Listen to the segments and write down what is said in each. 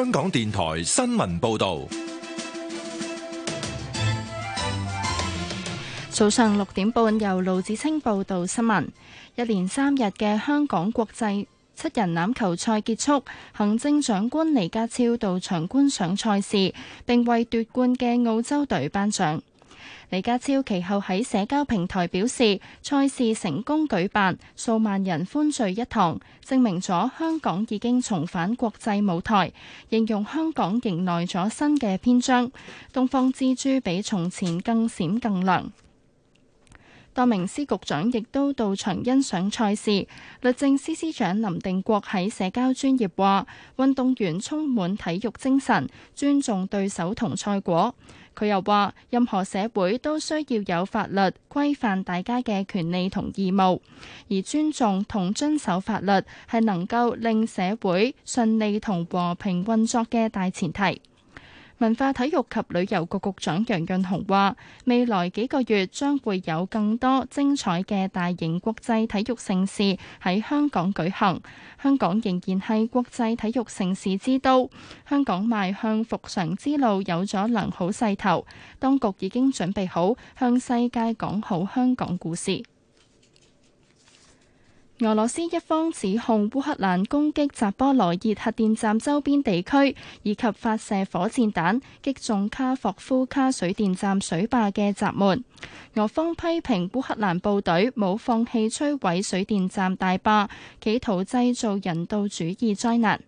香港電台新聞報道，早上六點半由盧子清報道新聞。一連三日嘅香港國際七人欖球賽結束，行政長官李家超到場觀賞賽事，並為奪冠嘅澳洲隊頒獎。李家超其後喺社交平台表示，賽事成功舉辦，數萬人歡聚一堂，證明咗香港已經重返國際舞台，形容香港迎來咗新嘅篇章。東方之珠比從前更閃更亮。多名司局長亦都到場欣賞賽事。律政司司長林定國喺社交專業話，運動員充滿體育精神，尊重對手同賽果。佢又話：任何社會都需要有法律規範大家嘅權利同義務，而尊重同遵守法律係能夠令社會順利同和平運作嘅大前提。文化體育及旅遊局局長楊潤雄話：未來幾個月將會有更多精彩嘅大型國際體育盛事喺香港舉行。香港仍然係國際體育盛事之都，香港邁向復常之路有咗良好勢頭。當局已經準備好向世界講好香港故事。俄羅斯一方指控烏克蘭攻擊扎波羅熱核電站周邊地區，以及發射火箭彈擊中卡霍夫卡水電站水壩嘅閘門。俄方批評烏克蘭部隊冇放棄摧毀水電站大壩，企圖製造人道主義災難。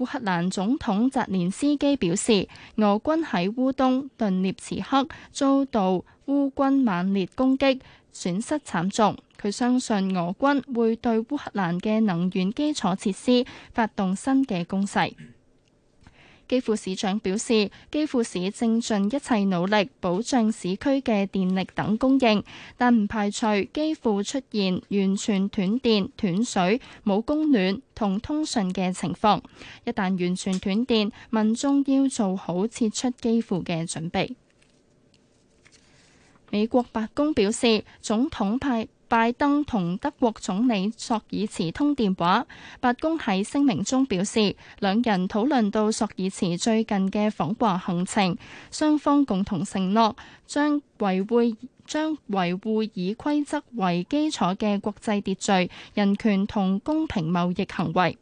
烏克蘭總統澤連斯基表示，俄軍喺烏東頓涅茨克遭到烏軍猛烈攻擊，損失慘重。佢相信俄軍會對烏克蘭嘅能源基礎設施發動新嘅攻勢。基輔市長表示，基輔市正盡一切努力保障市區嘅電力等供應，但唔排除基輔出現完全斷電、斷水、冇供暖同通訊嘅情況。一旦完全斷電，民眾要做好撤出基輔嘅準備。美國白宮表示，總統派拜登同德國總理索爾茨通電話，白宮喺聲明中表示，兩人討論到索爾茨最近嘅訪華行程，雙方共同承諾將。維護將維護以規則為基礎嘅國際秩序、人權同公平貿易行為。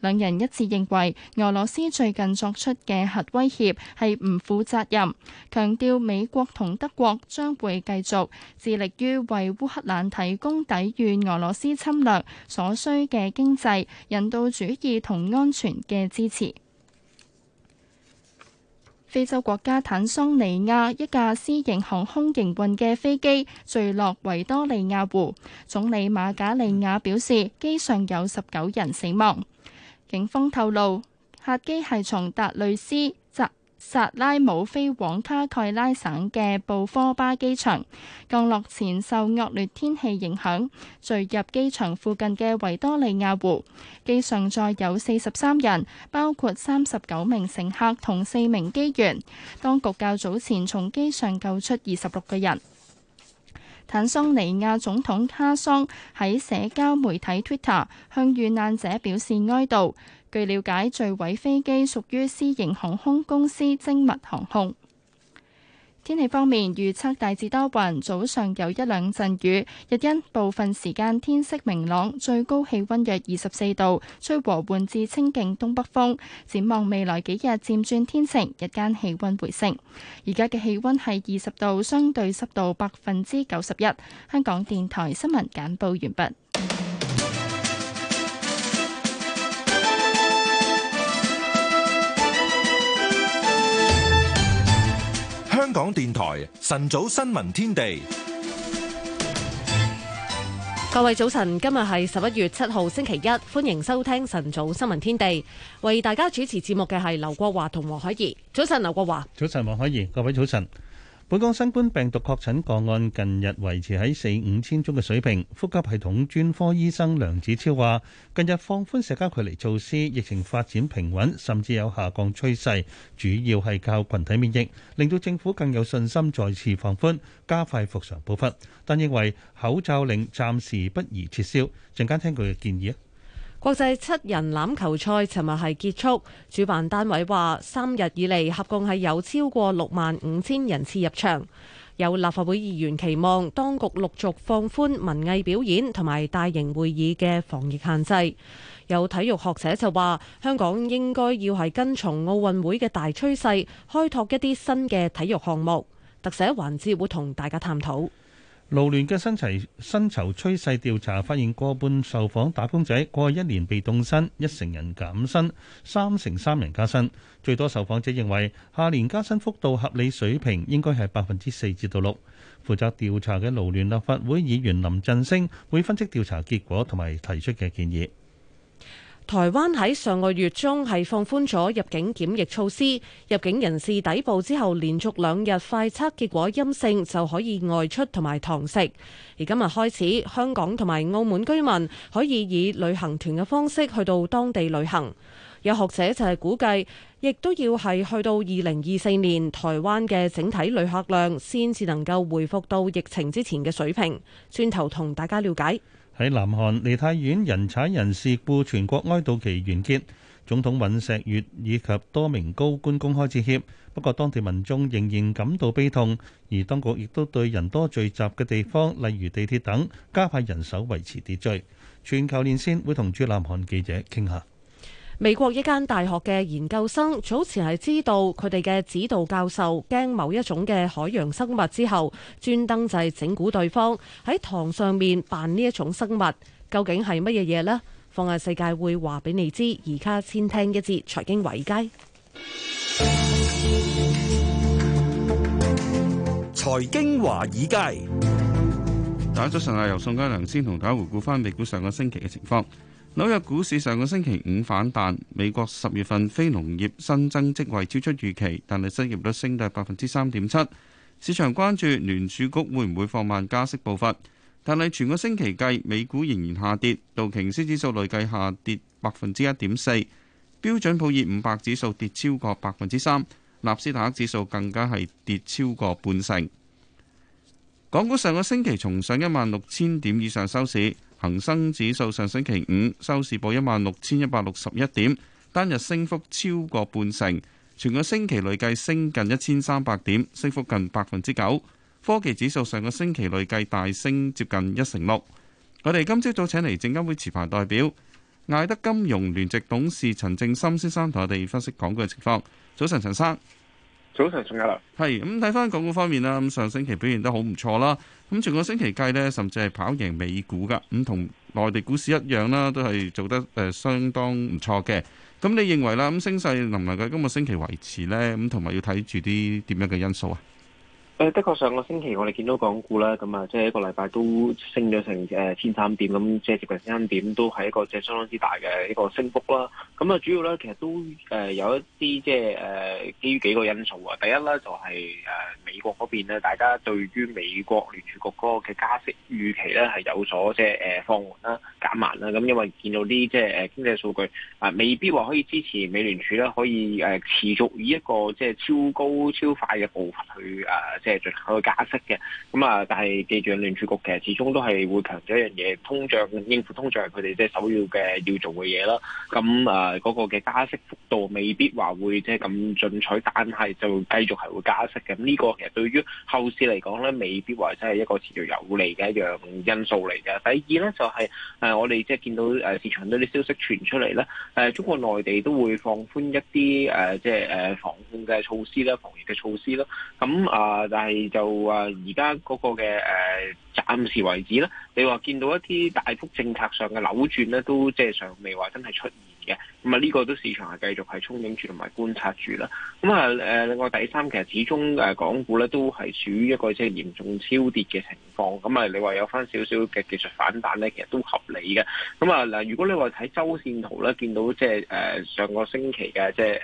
兩人一致認為，俄羅斯最近作出嘅核威脅係唔負責任，強調美國同德國將會繼續致力於為烏克蘭提供抵禦俄羅斯侵略所需嘅經濟、人道主義同安全嘅支持。非洲國家坦桑尼亞一架私營航空營運嘅飛機墜落維多利亞湖，總理馬賈利亞表示，機上有十九人死亡。警方透露，客機係從達累斯。薩拉姆飛往卡蓋拉省嘅布科巴機場，降落前受惡劣天氣影響，墜入機場附近嘅維多利亞湖。機上載有四十三人，包括三十九名乘客同四名機員。當局較早前從機上救出二十六個人。坦桑尼亞總統卡桑喺社交媒體 Twitter 向遇難者表示哀悼。據了解，墜毀飛機屬於私營航空公司精密航空。天氣方面，預測大致多雲，早上有一兩陣雨，日間部分時間天色明朗，最高氣溫約二十四度，吹和緩至清勁東北風。展望未來幾日漸轉天晴，日間氣溫回升。而家嘅氣溫係二十度，相對濕度百分之九十一。香港電台新聞簡報完畢。港電台晨早新聞天地，各位早晨，今日係十一月七號星期一，歡迎收聽晨早新聞天地。為大家主持節目嘅係劉國華同黃海怡。早晨，劉國華。早晨，黃海怡。各位早晨。本港新冠病毒確診個案近日維持喺四五千宗嘅水平，呼吸系統專科醫生梁子超話近日放寬社交距離措施，疫情發展平穩，甚至有下降趨勢，主要係靠群體免疫，令到政府更有信心再次放寬加快復常步伐。但認為口罩令暫時不宜撤銷，陣間聽佢嘅建議。國際七人欖球賽尋日係結束，主辦單位話三日以嚟，合共係有超過六萬五千人次入場。有立法會議員期望當局陸續放寬文藝表演同埋大型會議嘅防疫限制。有體育學者就話香港應該要係跟從奧運會嘅大趨勢，開拓一啲新嘅體育項目。特寫環節會同大家探討。勞聯嘅薪酬薪酬趨勢調查發現，過半受訪打工仔過去一年被凍薪，一成人減薪，三成三人加薪。最多受訪者認為，下年加薪幅度合理水平應該係百分之四至到六。負責調查嘅勞聯立法會議員林振升會分析調查結果同埋提出嘅建議。台灣喺上個月中係放寬咗入境檢疫措施，入境人士抵埗之後連續兩日快測結果陰性就可以外出同埋堂食。而今日開始，香港同埋澳門居民可以以旅行團嘅方式去到當地旅行。有學者就係估計，亦都要係去到二零二四年，台灣嘅整體旅客量先至能夠回復到疫情之前嘅水平。轉頭同大家了解。喺南韓，梨泰院人踩人事故全國哀悼期完結，總統尹錫悦以及多名高官公開致歉，不過當地民眾仍然感到悲痛，而當局亦都對人多聚集嘅地方，例如地鐵等，加派人手維持秩序。全球連線會同駐南韓記者傾下。美國一間大學嘅研究生早前係知道佢哋嘅指導教授驚某一種嘅海洋生物之後，專登就係整蠱對方喺堂上面扮呢一種生物，究竟係乜嘢嘢咧？放眼世界會話俾你知，而家先聽一節財經華爾街。財經華爾街，大家早晨啊！上由宋嘉良先同大家回顧翻美股上個星期嘅情況。紐約股市上個星期五反彈，美國十月份非農業新增職位超出預期，但係失業率升到百分之三點七。市場關注聯儲局會唔會放慢加息步伐，但係全個星期計，美股仍然下跌，道瓊斯指數累計下跌百分之一點四，標準普爾五百指數跌超過百分之三，納斯達克指數更加係跌超過半成。港股上個星期重上一萬六千點以上收市。恒生指數上星期五收市報一萬六千一百六十一點，單日升幅超過半成，全個星期累計升近一千三百點，升幅近百分之九。科技指數上個星期累計大升接近一成六。我哋今朝早請嚟證監會持牌代表，艾德金融聯席董事陳正森先生同我哋分析港股嘅情況。早晨，陳生。早晨，仲有啦，係咁睇翻港股方面啦，咁上星期表現得好唔錯啦，咁整個星期計呢，甚至係跑贏美股噶，咁同內地股市一樣啦，都係做得誒相當唔錯嘅。咁你認為啦，咁升勢能唔能夠今個星期維持呢？咁同埋要睇住啲點樣嘅因素啊？誒，的確上，上個星期我哋見到港股啦，咁啊，即係一個禮拜都升咗成誒千三點，咁即係接近千三點，都係一個即係相當之大嘅一個升幅啦。咁啊，主要咧其實都誒有一啲即係誒基於幾個因素啊。第一咧就係誒。美國嗰邊咧，大家對於美國聯儲局嗰個嘅加息預期咧，係有所即係誒放緩啦、減慢啦。咁因為見到啲即係誒經濟數據啊，未必話可以支持美聯儲咧可以誒持續以一個即係超高超快嘅步伐去誒即係進行個加息嘅。咁啊，但係記住聯儲局其實始終都係會強調一樣嘢，通脹應付通脹係佢哋即係首要嘅要做嘅嘢啦。咁啊，嗰個嘅加息幅度未必話會即係咁進取，但係就繼續係會加息嘅。咁、這、呢個。對於後市嚟講咧，未必話真係一個持續有利嘅一樣因素嚟嘅。第二咧，就係誒我哋即係見到誒市場呢啲消息傳出嚟咧，誒中國內地都會放寬一啲誒即係誒防控嘅措施啦、防疫嘅措施啦。咁啊，但係就啊而家嗰個嘅誒暫時為止啦。你話見到一啲大幅政策上嘅扭轉咧，都即係尚未話真係出現。嘅，咁啊呢個都市場係繼續係憧憬住同埋觀察住啦。咁啊誒，另外第三其實始終誒港股咧都係屬於一個即係嚴重超跌嘅情況。咁啊，你話有翻少少嘅技術反彈咧，其實都合理嘅。咁啊嗱，如果你話睇周線圖咧，見到即係誒上個星期嘅即係誒誒誒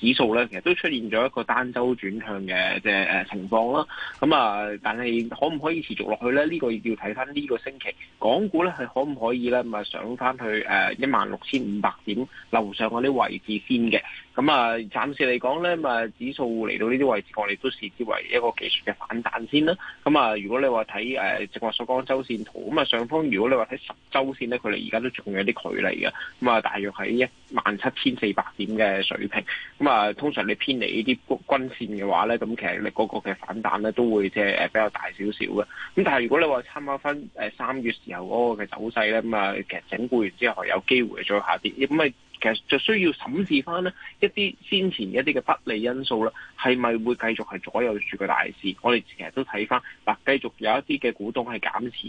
指數咧，其實都出現咗一個單周轉向嘅即係誒情況啦。咁啊，但係可唔可以持續落去咧？呢個要睇翻呢個星期港股咧係可唔可以咧？咁啊上翻去誒一萬。六千五百點樓上嗰啲位置先嘅。咁啊，暫時嚟講咧，指數嚟到呢啲位置，我哋都視之為一個技術嘅反彈先啦。咁啊，如果你話睇誒正話所講周線圖，咁啊上方如果你話睇十周線咧，佢哋而家都仲有啲距離嘅。咁啊，大約喺一萬七千四百點嘅水平。咁啊，通常你偏離呢啲均線嘅話咧，咁其實你嗰個嘅反彈咧都會即係誒比較大少少嘅。咁但係如果你話參考翻誒三月時候嗰個嘅走勢咧，咁啊其實整固完之後有機會再下跌。咁啊其實就需要審視翻咧一啲先前一啲嘅不利因素啦，係咪會繼續係左右住個大市？我哋其實都睇翻嗱，繼續有一啲嘅股東係減持誒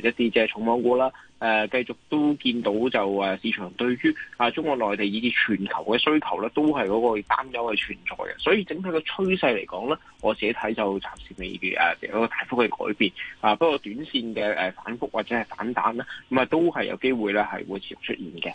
一啲即係重磅股啦，誒繼續都見到就誒市場對於啊中國內地以及全球嘅需求咧都係嗰個擔憂嘅存在嘅，所以整體嘅趨勢嚟講咧，我自己睇就暫時未誒有個大幅嘅改變啊，不過短線嘅誒反覆或者係反彈咧，咁啊都係有機會咧係會持續出現嘅。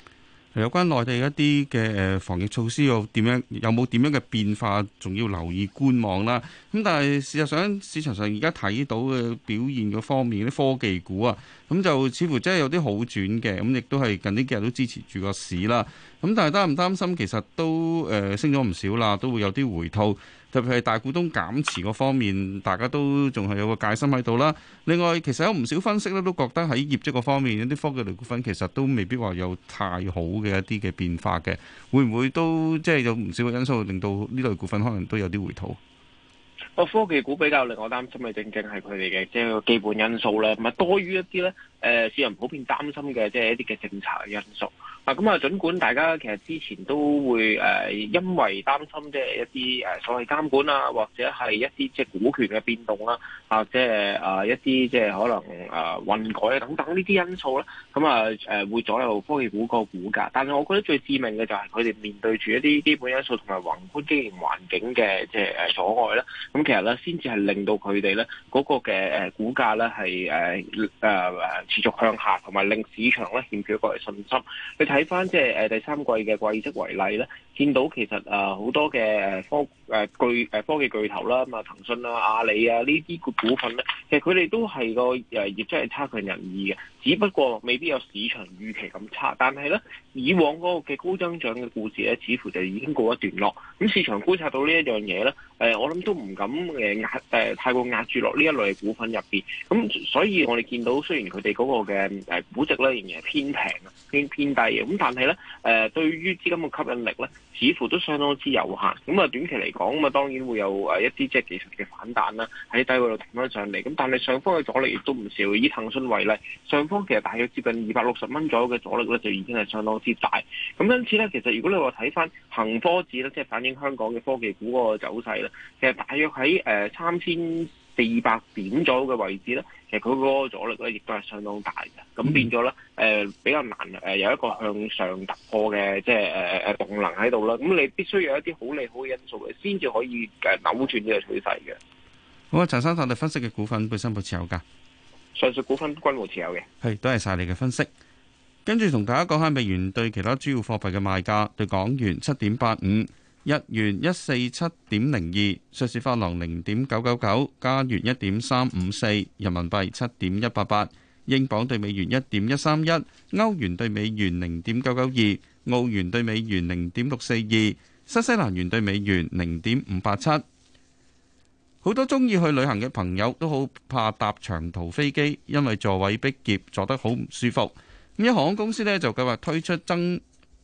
有關內地一啲嘅誒防疫措施，又點樣？有冇點樣嘅變化，仲要留意觀望啦。咁但係事實上，市場上而家睇到嘅表現嘅方面，啲科技股啊。咁就似乎真係有啲好轉嘅，咁亦都係近呢幾日都支持住個市啦。咁但係擔唔擔心？其實都、呃、升咗唔少啦，都會有啲回吐，特別係大股東減持嗰方面，大家都仲係有個戒心喺度啦。另外，其實有唔少分析咧，都覺得喺業績嗰方面，有啲科技類股份其實都未必話有太好嘅一啲嘅變化嘅，會唔會都即係有唔少嘅因素令到呢類股份可能都有啲回吐？個科技股比較令我擔心嘅，正正係佢哋嘅即係個基本因素啦，同埋多於一啲咧，誒市民普遍擔心嘅即係一啲嘅政策因素。咁啊，儘管大家其實之前都會誒，因為擔心即係一啲誒所謂監管啊，或者係一啲即係股權嘅變動啦，啊，即係啊一啲即係可能啊混改啊等等呢啲因素啦，咁啊誒會左右科技股個股價。但係我覺得最致命嘅就係佢哋面對住一啲基本因素同埋宏觀經營環境嘅即係誒阻礙啦。咁其實咧先至係令到佢哋咧嗰個嘅誒股價咧係誒誒誒持續向下，同埋令市場咧欠缺一個信心。睇翻即係誒第三季嘅季績為例咧，見到其實啊好多嘅誒科誒巨誒科技巨頭啦，咁啊騰訊啊、阿里啊呢啲股份咧，其實佢哋都係個誒業績係差強人意嘅，只不過未必有市場預期咁差。但係咧，以往嗰個嘅高增長嘅故事咧，似乎就已經過一段落。咁市場觀察到呢一樣嘢咧。誒、呃，我諗都唔敢誒、壓、呃、太過壓住落呢一類股份入邊，咁所以我哋見到雖然佢哋嗰個嘅誒估值咧仍然係偏平啊，偏偏低嘅，咁但係咧誒對於資金嘅吸引力咧。似乎都相當之有限，咁啊短期嚟講，咁啊當然會有誒一啲即係技術嘅反彈啦，喺低位度停翻上嚟。咁但係上方嘅阻力亦都唔少。以騰訊為例，上方其實大約接近二百六十蚊左右嘅阻力咧，就已經係相當之大。咁因此咧，其實如果你話睇翻恒科指咧，即係反映香港嘅科技股嗰個走勢咧，其實大約喺誒三千四百點左右嘅位置咧，其實佢嗰個阻力咧亦都係相當大嘅，咁變咗咧，誒、呃、比較難誒有一個向上突破嘅即係誒誒動能喺度啦。咁你必須有一啲好利好嘅因素嘅，先至可以誒扭轉呢個趨勢嘅。好啊，陳生，我哋分析嘅股份本身冇持有噶，上述股份均冇持有嘅，係，多謝晒你嘅分析。跟住同大家講下美元對其他主要貨幣嘅賣價，對港元七點八五。日元一四七點零二，瑞士法郎零點九九九，加元一點三五四，人民幣七點一八八，英鎊兌美元一點一三一，歐元兌美元零點九九二，澳元兌美元零點六四二，新西蘭元兌美元零點五八七。好多鍾意去旅行嘅朋友都好怕搭長途飛機，因為座位逼狹，坐得好唔舒服。咁一航空公司呢就計劃推出增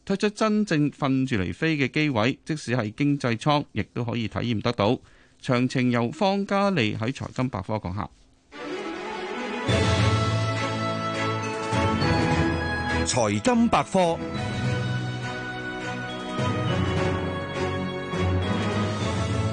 推出真正瞓住嚟飛嘅機位，即使係經濟艙，亦都可以體驗得到。詳情由方嘉利喺財金百科講下。財金百科，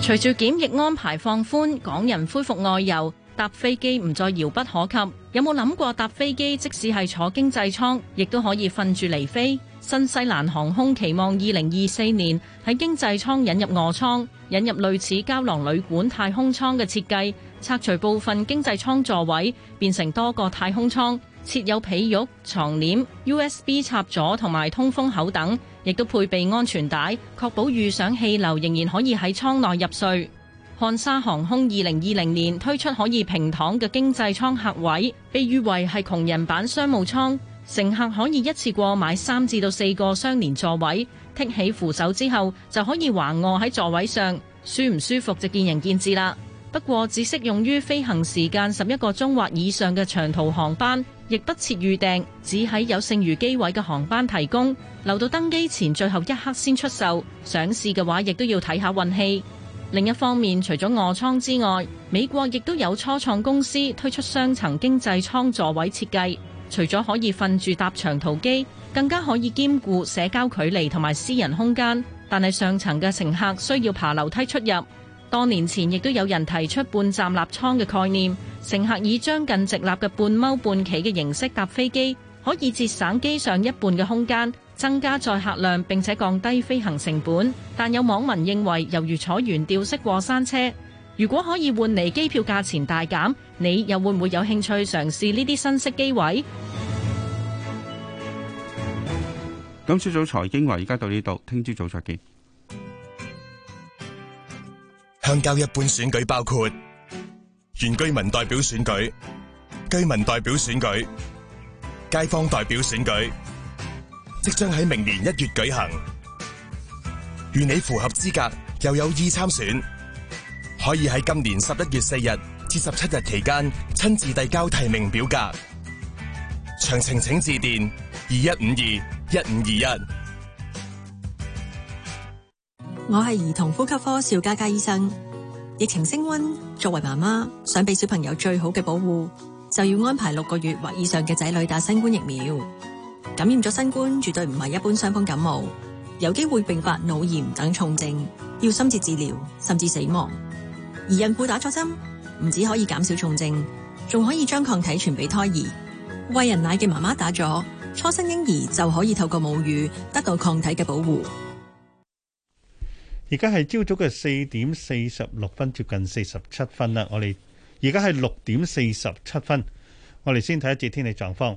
隨住檢疫安排放寬，港人恢復外遊，搭飛機唔再遙不可及。有冇諗過搭飛機？即使係坐經濟艙，亦都可以瞓住嚟飛？新西蘭航空期望二零二四年喺經濟艙引入臥艙，引入類似膠囊旅館太空艙嘅設計，拆除部分經濟艙座位，變成多個太空艙，設有被褥、床簾、USB 插座、同埋通風口等，亦都配備安全帶，確保遇上氣流仍然可以喺艙內入睡。漢莎航空二零二零年推出可以平躺嘅經濟艙客位，被譽為係窮人版商務艙。乘客可以一次過買三至到四個相連座位，剔起扶手之後就可以橫臥喺座位上，舒唔舒服就見仁見智啦。不過只適用於飛行時間十一個鐘或以上嘅長途航班，亦不設預訂，只喺有剩餘機位嘅航班提供，留到登機前最後一刻先出售。想試嘅話，亦都要睇下運氣。另一方面，除咗臥艙之外，美國亦都有初創公司推出雙層經濟艙座位設計。除咗可以瞓住搭長途機，更加可以兼顧社交距離同埋私人空間。但係上層嘅乘客需要爬樓梯出入。多年前亦都有人提出半站立艙嘅概念，乘客以將近直立嘅半踎半企嘅形式搭飛機，可以節省機上一半嘅空間，增加載客量並且降低飛行成本。但有網民認為，猶如坐懸吊式過山車。如果可以換嚟機票價錢大減，你又會唔會有興趣嘗試呢啲新式機位？今朝早財經話，而家到呢度，聽朝早再見。鄉郊一般選舉包括原居民代表選舉、居民代表選舉、街坊代表選舉，即將喺明年一月舉行。如你符合資格，又有意參選。可以喺今年十一月四日至十七日期間親自遞交提名表格。詳情請致電二一五二一五二一。我係兒童呼吸科邵嘉嘉醫生。疫情升溫，作為媽媽想俾小朋友最好嘅保護，就要安排六個月或以上嘅仔女打新冠疫苗。感染咗新冠絕對唔係一般傷風感冒，有機會併發腦炎等重症，要深切治療，甚至死亡。而孕婦打咗針，唔止可以減少重症，仲可以將抗體傳俾胎兒。喂人奶嘅媽媽打咗，初生嬰兒就可以透過母乳得到抗體嘅保護。而家係朝早嘅四點四十六分，接近四十七分啦。我哋而家係六點四十七分，我哋先睇一節天氣狀況。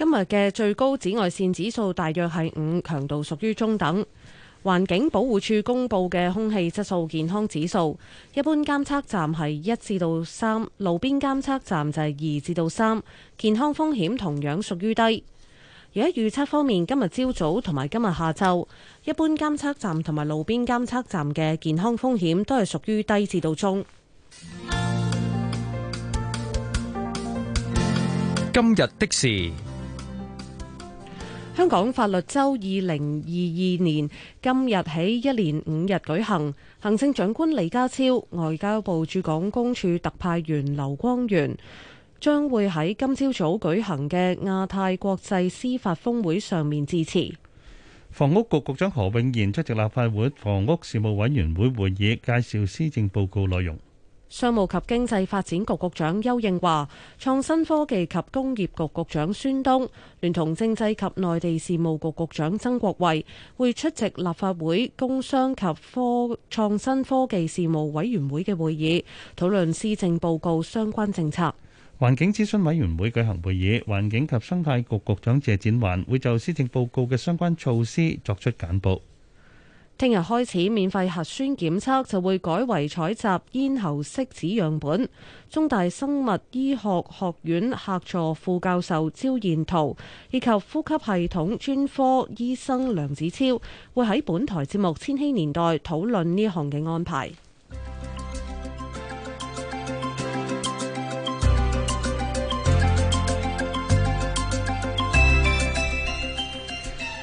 今日嘅最高紫外線指數大約係五，強度屬於中等。環境保護署公佈嘅空氣質素健康指數，一般監測站係一至到三，路邊監測站就係二至到三，健康風險同樣屬於低。而喺預測方面，今日朝早同埋今日下晝，一般監測站同埋路邊監測站嘅健康風險都係屬於低至到中。今日的事。香港法律周二零二二年今日起一連五日舉行，行政長官李家超、外交部駐港公署特派員劉光源將會喺今朝早舉行嘅亞太國際司法峰會上面致辭。房屋局局長何永賢出席立法會房屋事務委員會會議，介紹施政報告內容。商務及經濟發展局局長邱應華、創新科技及工業局局長孫東，聯同政制及內地事務局局長曾國衛，會出席立法會工商及科創新科技事務委員會嘅會議，討論施政報告相關政策。環境諮詢委員會舉行會議，環境及生態局局長謝展環會就施政報告嘅相關措施作出簡報。聽日開始，免費核酸檢測就會改為採集咽喉拭子樣本。中大生物醫學學院客座副教授招彥燾以及呼吸系統專科醫生梁子超會喺本台節目《千禧年代》討論呢項嘅安排。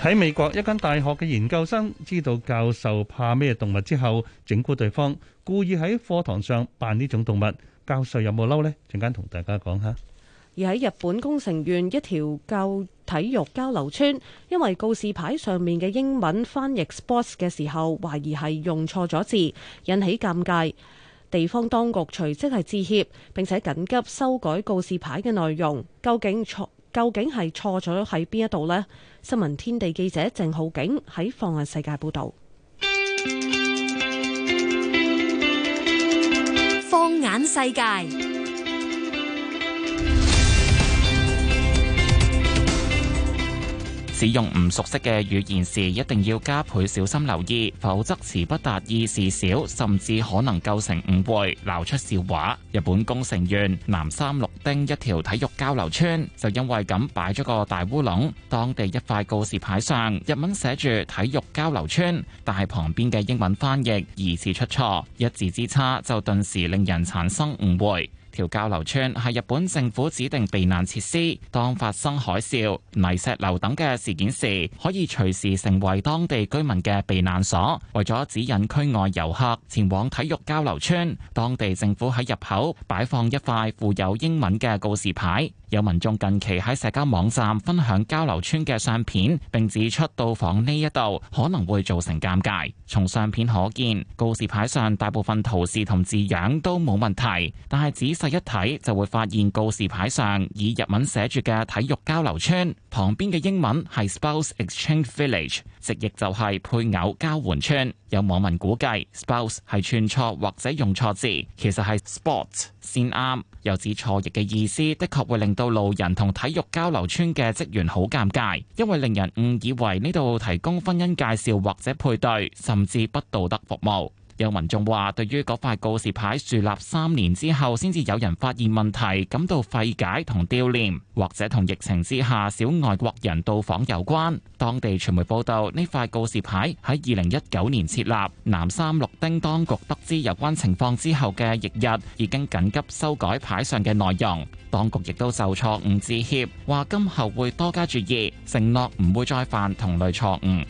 喺美國一間大學嘅研究生知道教授怕咩動物之後，整蠱對方，故意喺課堂上扮呢種動物，教授有冇嬲呢？陣間同大家講下。而喺日本工程院一條舊體育交流村，因為告示牌上面嘅英文翻譯 sports 嘅時候，懷疑係用錯咗字，引起尷尬。地方當局隨即係致歉，並且緊急修改告示牌嘅內容。究竟錯？究竟係錯咗喺邊一度呢？新聞天地記者鄭浩景喺放眼世界報道。放眼世界。使用唔熟悉嘅語言時，一定要加倍小心留意，否則詞不達意事小，甚至可能構成誤會，鬧出笑話。日本宮城縣南三陸町一條體育交流村，就因為咁擺咗個大烏龍。當地一塊告示牌上，日文寫住體育交流村，但係旁邊嘅英文翻譯疑似出錯，一字之差就頓時令人產生誤會。條交流村係日本政府指定避難設施，當發生海嘯、泥石流等嘅事件時，可以隨時成為當地居民嘅避難所。為咗指引區外遊客前往體育交流村，當地政府喺入口擺放一塊附有英文嘅告示牌。有民眾近期喺社交網站分享交流村嘅相片，並指出到訪呢一度可能會造成尷尬。從相片可見，告示牌上大部分圖示同字樣都冇問題，但係仔細。一睇就會發現告示牌上以日文寫住嘅體育交流村，旁邊嘅英文係 spouse exchange village，直譯就係配偶交換村。有網民估計 spouse 係串錯或者用錯字，其實係 sports 先啱。又指錯譯嘅意思，的確會令到路人同體育交流村嘅職員好尷尬，因為令人誤以為呢度提供婚姻介紹或者配對，甚至不道德服務。有民眾話：對於嗰塊告示牌樹立三年之後先至有人發現問題，感到費解同丟臉，或者同疫情之下少外國人到訪有關。當地傳媒報道，呢塊告示牌喺二零一九年設立，南三陸町當局得知有關情況之後嘅翌日，已經緊急修改牌上嘅內容。當局亦都就錯誤致歉，話今後會多加注意，承諾唔會再犯同類錯誤。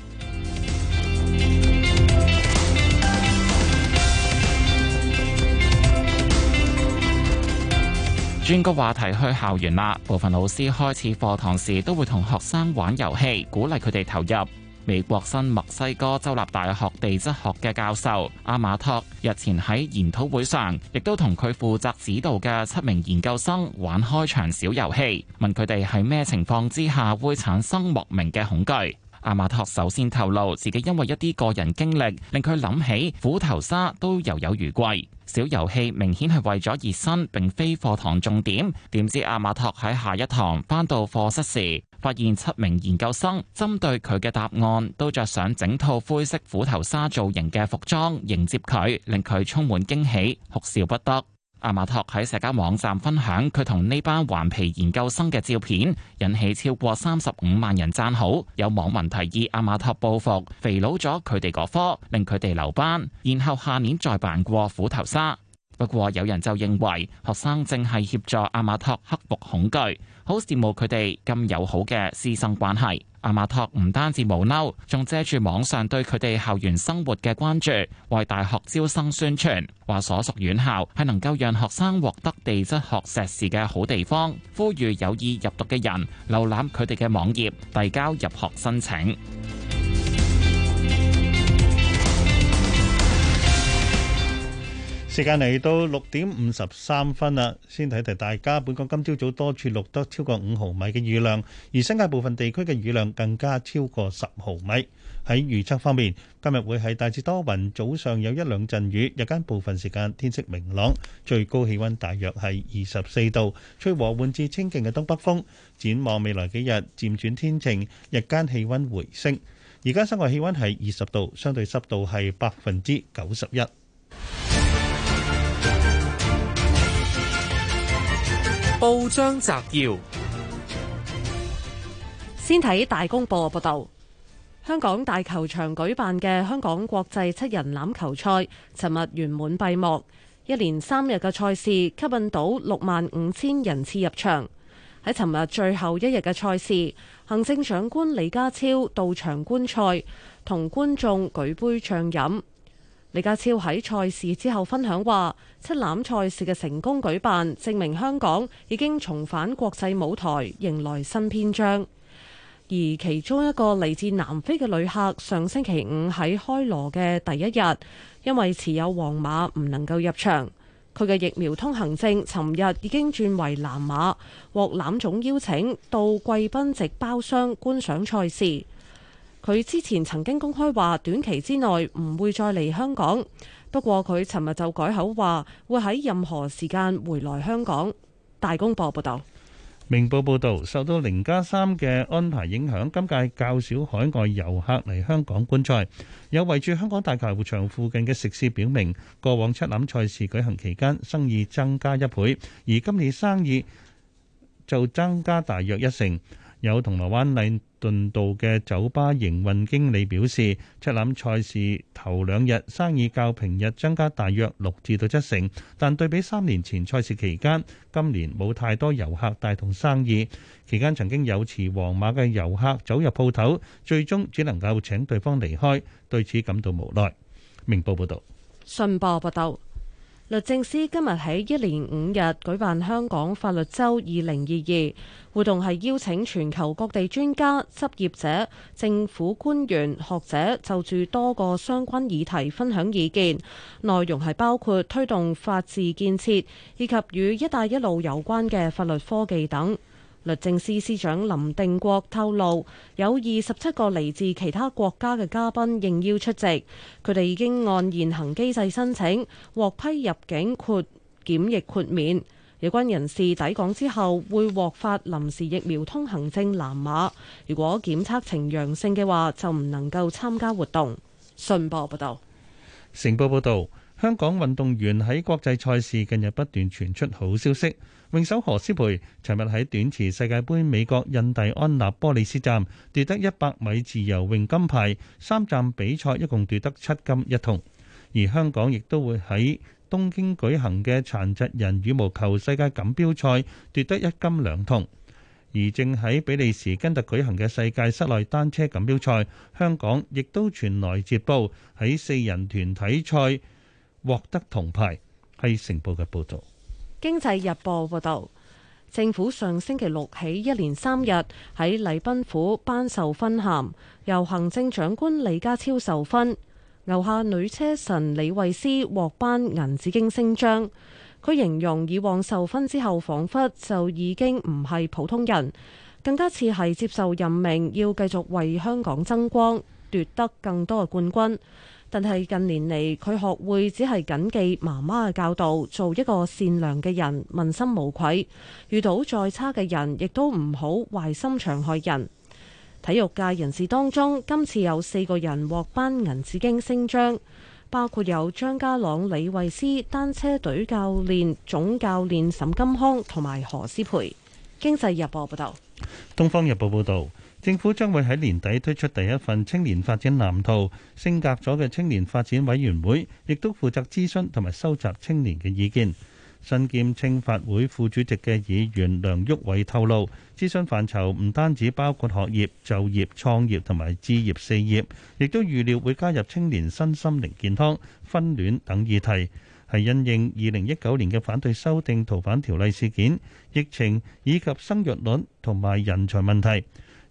轉個話題去校園啦，部分老師開始課堂時都會同學生玩遊戲，鼓勵佢哋投入。美國新墨西哥州立大學地質學嘅教授阿馬托日前喺研討會上，亦都同佢負責指導嘅七名研究生玩開場小遊戲，問佢哋喺咩情況之下會產生莫名嘅恐懼。阿馬托首先透露，自己因為一啲個人經歷，令佢諗起虎頭沙都猶有餘悸。小遊戲明顯係為咗熱身，並非課堂重點。點知阿馬托喺下一堂返到課室時，發現七名研究生針對佢嘅答案，都着上整套灰色虎頭沙造型嘅服裝迎接佢，令佢充滿驚喜，哭笑不得。阿馬托喺社交網站分享佢同呢班頑皮研究生嘅照片，引起超過三十五萬人讚好。有網民提議阿馬托報復肥佬咗佢哋嗰科，令佢哋留班，然後下年再扮過斧頭鯊。不過有人就認為學生正係協助阿馬托克服恐懼，好羨慕佢哋咁友好嘅師生關係。阿馬托唔單止冇嬲，仲借住網上對佢哋校園生活嘅關注，為大學招生宣傳，話所屬院校係能夠讓學生獲得地質學碩士嘅好地方，呼籲有意入讀嘅人瀏覽佢哋嘅網頁，遞交入學申請。時間嚟到六點五十三分啦，先睇睇大家。本港今朝早多處錄得超過五毫米嘅雨量，而新界部分地區嘅雨量更加超過十毫米。喺預測方面，今日會係大致多雲，早上有一兩陣雨，日間部分時間天色明朗，最高氣温大約係二十四度，吹和緩至清勁嘅東北風。展望未來幾日漸轉天晴，日間氣温回升。而家室外氣温係二十度，相對濕度係百分之九十一。報章摘要，先睇大公報報道：香港大球場舉辦嘅香港國際七人欖球賽，尋日圓滿閉幕。一連三日嘅賽事吸引到六萬五千人次入場。喺尋日最後一日嘅賽事，行政長官李家超到場觀賽，同觀眾舉杯暢飲。李家超喺賽事之後分享話，七欖賽事嘅成功舉辦，證明香港已經重返國際舞台，迎來新篇章。而其中一個嚟自南非嘅旅客，上星期五喺開鑼嘅第一日，因為持有黃碼唔能夠入場，佢嘅疫苗通行證尋日已經轉為藍碼，獲欖總邀請到貴賓席包廂觀賞賽事。佢之前曾經公開話短期之內唔會再嚟香港，不過佢尋日就改口話會喺任何時間回來香港。大公報報道。明報報道受到零加三嘅安排影響，今屆較少海外遊客嚟香港觀賽。有圍住香港大球場附近嘅食肆表明，過往七欖賽事舉行期間生意增加一倍，而今年生意就增加大約一成。有銅鑼灣禮頓道嘅酒吧營運經理表示，七欖賽事頭兩日生意較平日增加大約六至到七成，但對比三年前賽事期間，今年冇太多遊客帶動生意。期間曾經有持黃碼嘅遊客走入鋪頭，最終只能夠請對方離開，對此感到無奈。明報報道，信報報道。律政司今日喺一連五日舉辦香港法律周二零二二活動，係邀請全球各地專家、執業者、政府官員、學者就住多個相關議題分享意見。內容係包括推動法治建設，以及與一帶一路有關嘅法律科技等。律政司司長林定國透露，有二十七個嚟自其他國家嘅嘉賓應邀出席，佢哋已經按現行機制申請獲批入境豁檢疫豁免。有關人士抵港之後會獲發臨時疫苗通行證藍碼，如果檢測呈陽性嘅話就唔能夠參加活動。信報報道，成報報道，香港運動員喺國際賽事近日不斷傳出好消息。泳手何詩蓓尋日喺短池世界盃美國印第安納波利斯站奪得一百米自由泳金牌，三站比賽一共奪得七金一銅。而香港亦都會喺東京舉行嘅殘疾人羽毛球世界錦標賽奪得一金兩銅。而正喺比利時根特舉行嘅世界室內單車錦標賽，香港亦都傳來捷報，喺四人團體賽獲得銅牌。係成報嘅報道。經濟日報報道，政府上星期六起一連三日喺禮賓府頒授勳銜，由行政長官李家超授勳，牛下女車神李慧詩獲頒銀紫荊星章。佢形容以往受勳之後，仿佛就已經唔係普通人，更加似係接受任命，要繼續為香港爭光，奪得更多嘅冠軍。但係近年嚟，佢學會只係謹記媽媽嘅教導，做一個善良嘅人，問心無愧。遇到再差嘅人，亦都唔好壞心腸害人。體育界人士當中，今次有四個人獲頒銀紫荊星章，包括有張家朗、李慧詩、單車隊教練總教練沈金康同埋何詩蓓。經濟日報報道。東方日報報導。政府將會喺年底推出第一份青年發展藍圖，升格咗嘅青年發展委員會亦都負責諮詢同埋收集青年嘅意見。身兼青發會副主席嘅議員梁毓偉透露，諮詢範疇唔單止包括學業、就業、創業同埋置業四業，亦都預料會加入青年身心靈健康、婚戀等議題，係因應二零一九年嘅反對修訂逃犯條例事件、疫情以及生育率同埋人才問題。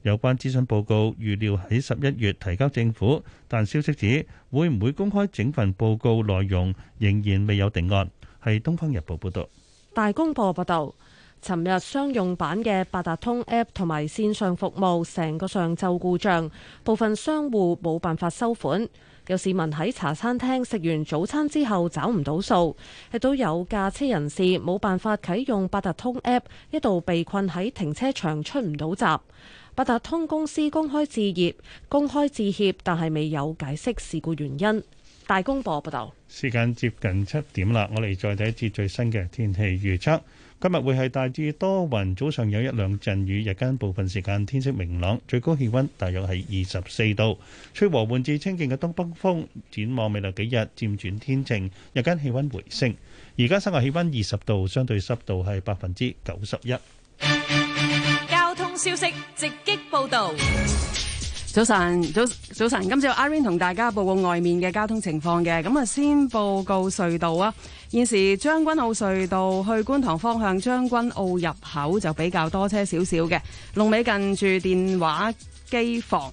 有關諮詢報告預料喺十一月提交政府，但消息指會唔會公開整份報告內容仍然未有定案。係《東方日報》報道，《大公報》報道，尋日商用版嘅八達通 App 同埋線上服務成個上晝故障，部分商戶冇辦法收款，有市民喺茶餐廳食完早餐之後找唔到數，亦都有駕車人士冇辦法啟用八達通 App，一度被困喺停車場出唔到閘。八達通公司公開置業、公開致歉，但係未有解釋事故原因。大公報報道：「時間接近七點啦，我哋再睇一次最新嘅天氣預測。今日會係大致多雲，早上有一兩陣雨，日間部分時間天色明朗，最高氣温大約係二十四度，吹和緩至清勁嘅東北風。展望未來幾日漸轉天晴，日間氣温回升。而家室外氣温二十度，相對濕度係百分之九十一。消息直擊報道。早晨，早早晨，今朝 Irene 同大家報告外面嘅交通情況嘅。咁啊先報告隧道啊。現時將軍澳隧道去觀塘方向，將軍澳入口就比較多車少少嘅，龍尾近住電話機房。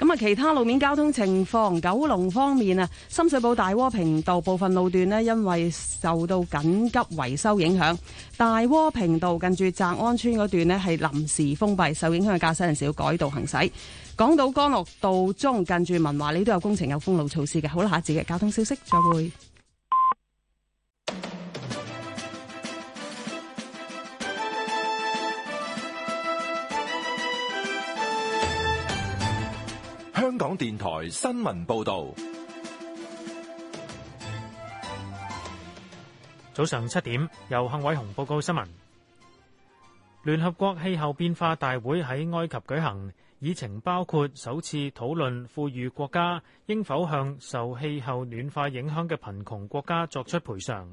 咁啊，其他路面交通情況，九龍方面啊，深水埗大窩坪道部分路段因為受到緊急維修影響，大窩坪道近住澤安村嗰段咧，係臨時封閉，受影響嘅駕駛人士要改道行駛。港島干諾道中近住文華里都有工程有封路措施嘅，好啦，下次嘅交通消息再會。香港電台新聞報道，早上七點，由幸偉雄報告新聞。聯合國氣候變化大會喺埃及舉行，議程包括首次討論富裕國家應否向受氣候暖化影響嘅貧窮國家作出賠償。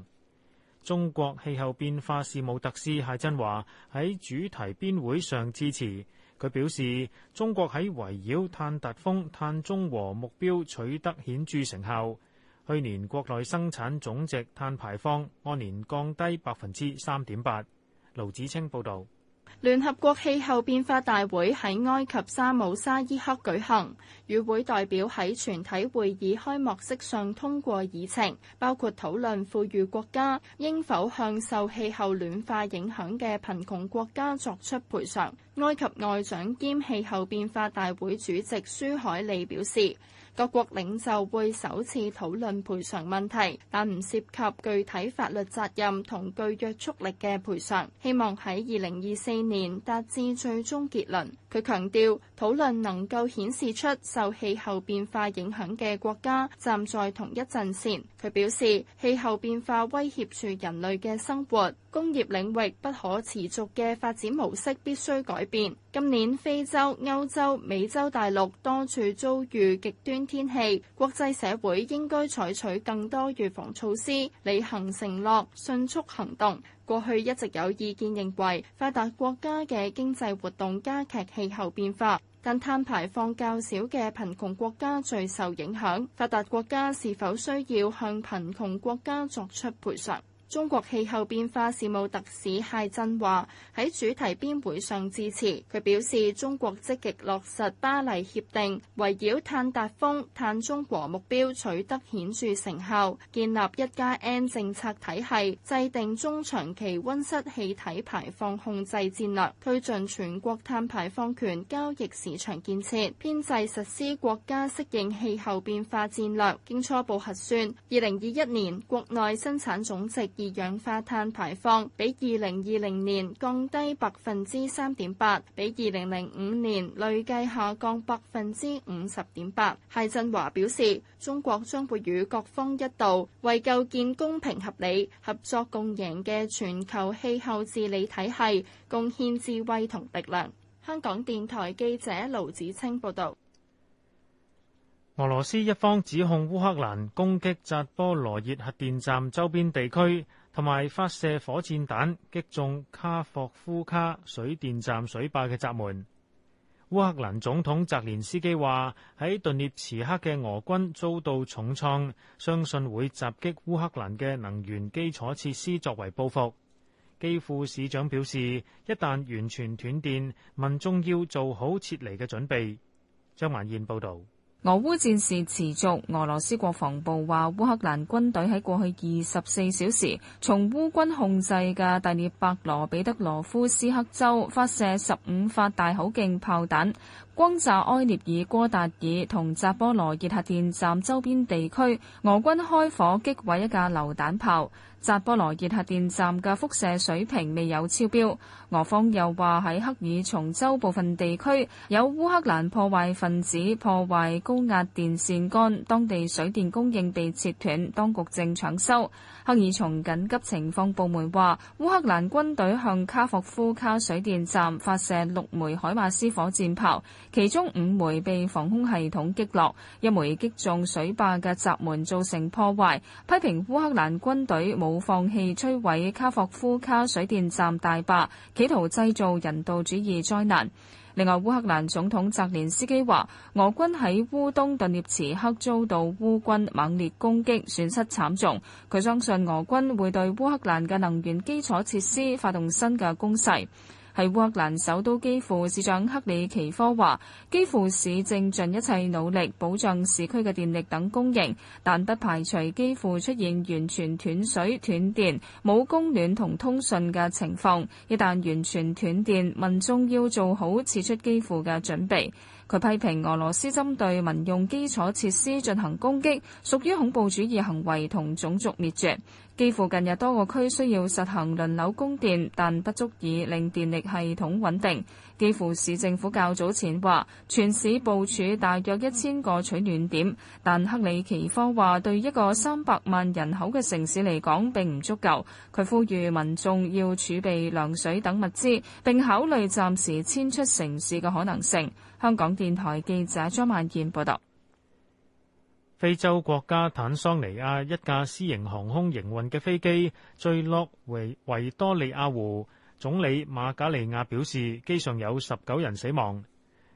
中國氣候變化事務特使解振華喺主題邊會上致辭。佢表示，中國喺圍繞碳達峰、碳中和目標取得顯著成效。去年國內生產總值碳排放按年降低百分之三點八。盧子清報道。聯合國氣候變化大會喺埃及沙姆沙伊赫舉行，與會代表喺全體會議開幕式上通過議程，包括討論富裕國家應否向受氣候暖化影響嘅貧窮國家作出賠償。埃及外長兼氣候變化大會主席舒海利表示，各國領袖會首次討論賠償問題，但唔涉及具體法律責任同具約束力嘅賠償。希望喺二零二四年達至最終結論。佢強調，討論能夠顯示出受氣候變化影響嘅國家站在同一陣線。佢表示，氣候變化威脅住人類嘅生活，工業領域不可持續嘅發展模式必須改變。今年非洲、歐洲、美洲大陸多處遭遇極端天氣，國際社會應該採取更多預防措施，履行承諾，迅速行動。過去一直有意見認為，發達國家嘅經濟活動加劇氣候變化，但碳排放較少嘅貧窮國家最受影響。發達國家是否需要向貧窮國家作出賠償？中國氣候變化事務特使解振華喺主題邊會上致辭，佢表示中國積極落實巴黎協定，圍繞碳達峰、碳中和目標取得顯著成效，建立一加 N 政策體系，制定中長期溫室氣體排放控制戰略，推進全國碳排放權交易市場建設，編制實施國家適應氣候變化戰略。經初步核算，二零二一年國內生產總值。二氧化碳排放比二零二零年降低百分之三點八，比二零零五年累計下降百分之五十點八。謝振華表示，中國將會與各方一道，為構建公平合理、合作共贏嘅全球氣候治理體系，貢獻智慧同力量。香港電台記者盧子清報道。俄羅斯一方指控烏克蘭攻擊扎波羅熱核電站周邊地區，同埋發射火箭彈擊中卡霍夫卡水電站水壩嘅閘門。烏克蘭總統澤連斯基話：喺頓涅茨克嘅俄軍遭到重創，相信會襲擊烏克蘭嘅能源基礎設施作為報復。基輔市長表示，一旦完全斷電，民眾要做好撤離嘅準備。張萬燕報道。俄烏戰事持續。俄羅斯國防部話，烏克蘭軍隊喺過去二十四小時從烏軍控制嘅第聶伯羅彼得羅夫斯克州發射十五發大口徑炮彈。光澤埃涅爾哥達爾同扎波羅熱核電站周邊地區，俄軍開火擊毀一架榴彈炮。扎波羅熱核電站嘅輻射水平未有超標。俄方又話喺克爾松州部分地區，有烏克蘭破壞分子破壞高壓電線桿，當地水電供應被切斷，當局正搶修。克爾松緊急情況部門話，烏克蘭軍隊向卡霍夫卡水電站發射六枚海馬斯火箭炮。其中五枚被防空系統擊落，一枚擊中水壩嘅閘門造成破壞，批評烏克蘭軍隊冇放棄摧毀卡霍夫卡水電站大壩企圖製造人道主義災難。另外，烏克蘭總統澤連斯基話俄軍喺烏東頓涅茨克遭到烏軍猛烈攻擊，損失慘重。佢相信俄軍會對烏克蘭嘅能源基礎設施發動新嘅攻勢。係沃蘭首都基輔市長克里奇科話，基輔市正盡一切努力保障市區嘅電力等供應，但不排除基輔出現完全斷水、斷電、冇供暖同通訊嘅情況。一旦完全斷電，民眾要做好撤出基輔嘅準備。佢批評俄羅斯針對民用基礎設施進行攻擊，屬於恐怖主義行為同種族滅絕。基輔近日多個區需要實行輪流供電，但不足以令電力系統穩定。基輔市政府較早前話，全市部署大約一千個取暖點，但克里奇科話對一個三百萬人口嘅城市嚟講並唔足夠。佢呼籲民眾要儲備涼水等物資，並考慮暫時遷出城市嘅可能性。香港電台記者張萬燕報道。非洲國家坦桑尼亞一架私營航空營運嘅飛機墜落維維多利亞湖，總理馬加利亞表示機上有十九人死亡。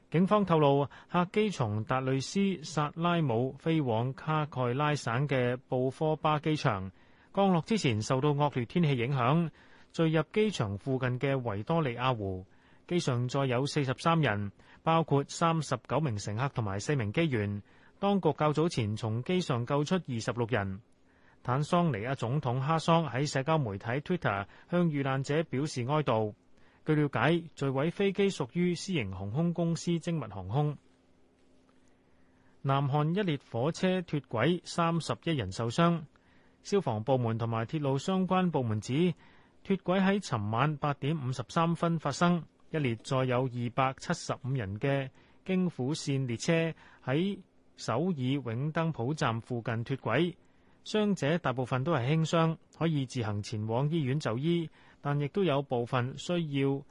警方透露客機從達累斯薩拉姆飛往卡蓋拉省嘅布科巴機場降落之前受到惡劣天氣影響，墜入機場附近嘅維多利亞湖。機上載有四十三人，包括三十九名乘客同埋四名機員。當局較早前從機上救出二十六人，坦桑尼亞總統哈桑喺社交媒體 Twitter 向遇難者表示哀悼。據了解，墜毀飛機屬於私營航空公司精密航空。南韓一列火車脱軌，三十一人受傷。消防部門同埋鐵路相關部門指，脱軌喺尋晚八點五十三分發生，一列載有二百七十五人嘅京釜線列車喺首爾永登浦站附近脱軌，傷者大部分都係輕傷，可以自行前往醫院就醫，但亦都有部分需要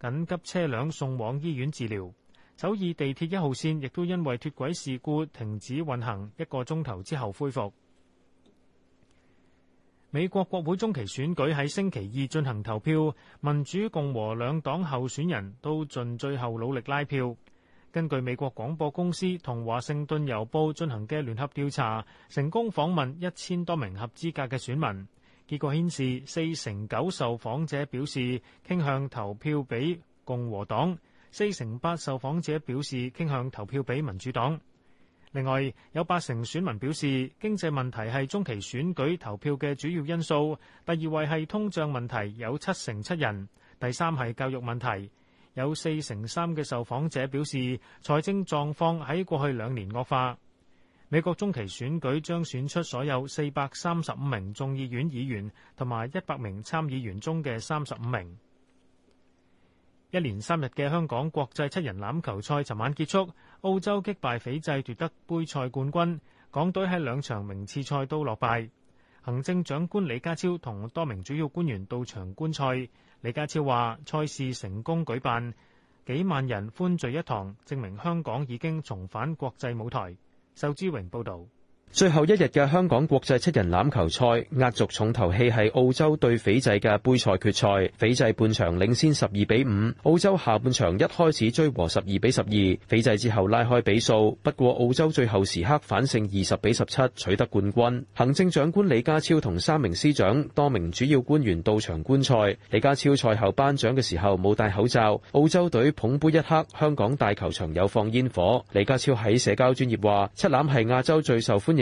緊急車輛送往醫院治療。首爾地鐵一號線亦都因為脱軌事故停止運行一個鐘頭，之後恢復。美國國會中期選舉喺星期二進行投票，民主共和兩黨候選人都盡最後努力拉票。根據美國廣播公司同華盛頓郵報進行嘅聯合調查，成功訪問一千多名合資格嘅選民，結果顯示四成九受訪者表示傾向投票俾共和黨，四成八受訪者表示傾向投票俾民主黨。另外有八成選民表示經濟問題係中期選舉投票嘅主要因素，第二位係通脹問題，有七成七人，第三係教育問題。有四成三嘅受訪者表示，財政狀況喺過去兩年惡化。美國中期選舉將選出所有四百三十五名眾議院議員同埋一百名參議員中嘅三十五名。一連三日嘅香港國際七人欖球賽尋晚結束，澳洲擊敗斐濟奪得杯賽冠軍，港隊喺兩場名次賽都落敗。行政長官李家超同多名主要官員到場觀賽。李家超話：賽事成功舉辦，幾萬人歡聚一堂，證明香港已經重返國際舞台。仇志榮報導。最後一日嘅香港國際七人欖球賽壓軸重頭戲係澳洲對斐濟嘅杯賽決賽。斐濟半場領先十二比五，澳洲下半場一開始追和十二比十二，斐濟之後拉開比數。不過澳洲最後時刻反勝二十比十七，取得冠軍。行政長官李家超同三名司長、多名主要官員到場觀賽。李家超賽後頒獎嘅時候冇戴口罩。澳洲隊捧杯一刻，香港大球場有放煙火。李家超喺社交專業話：七欖係亞洲最受歡迎。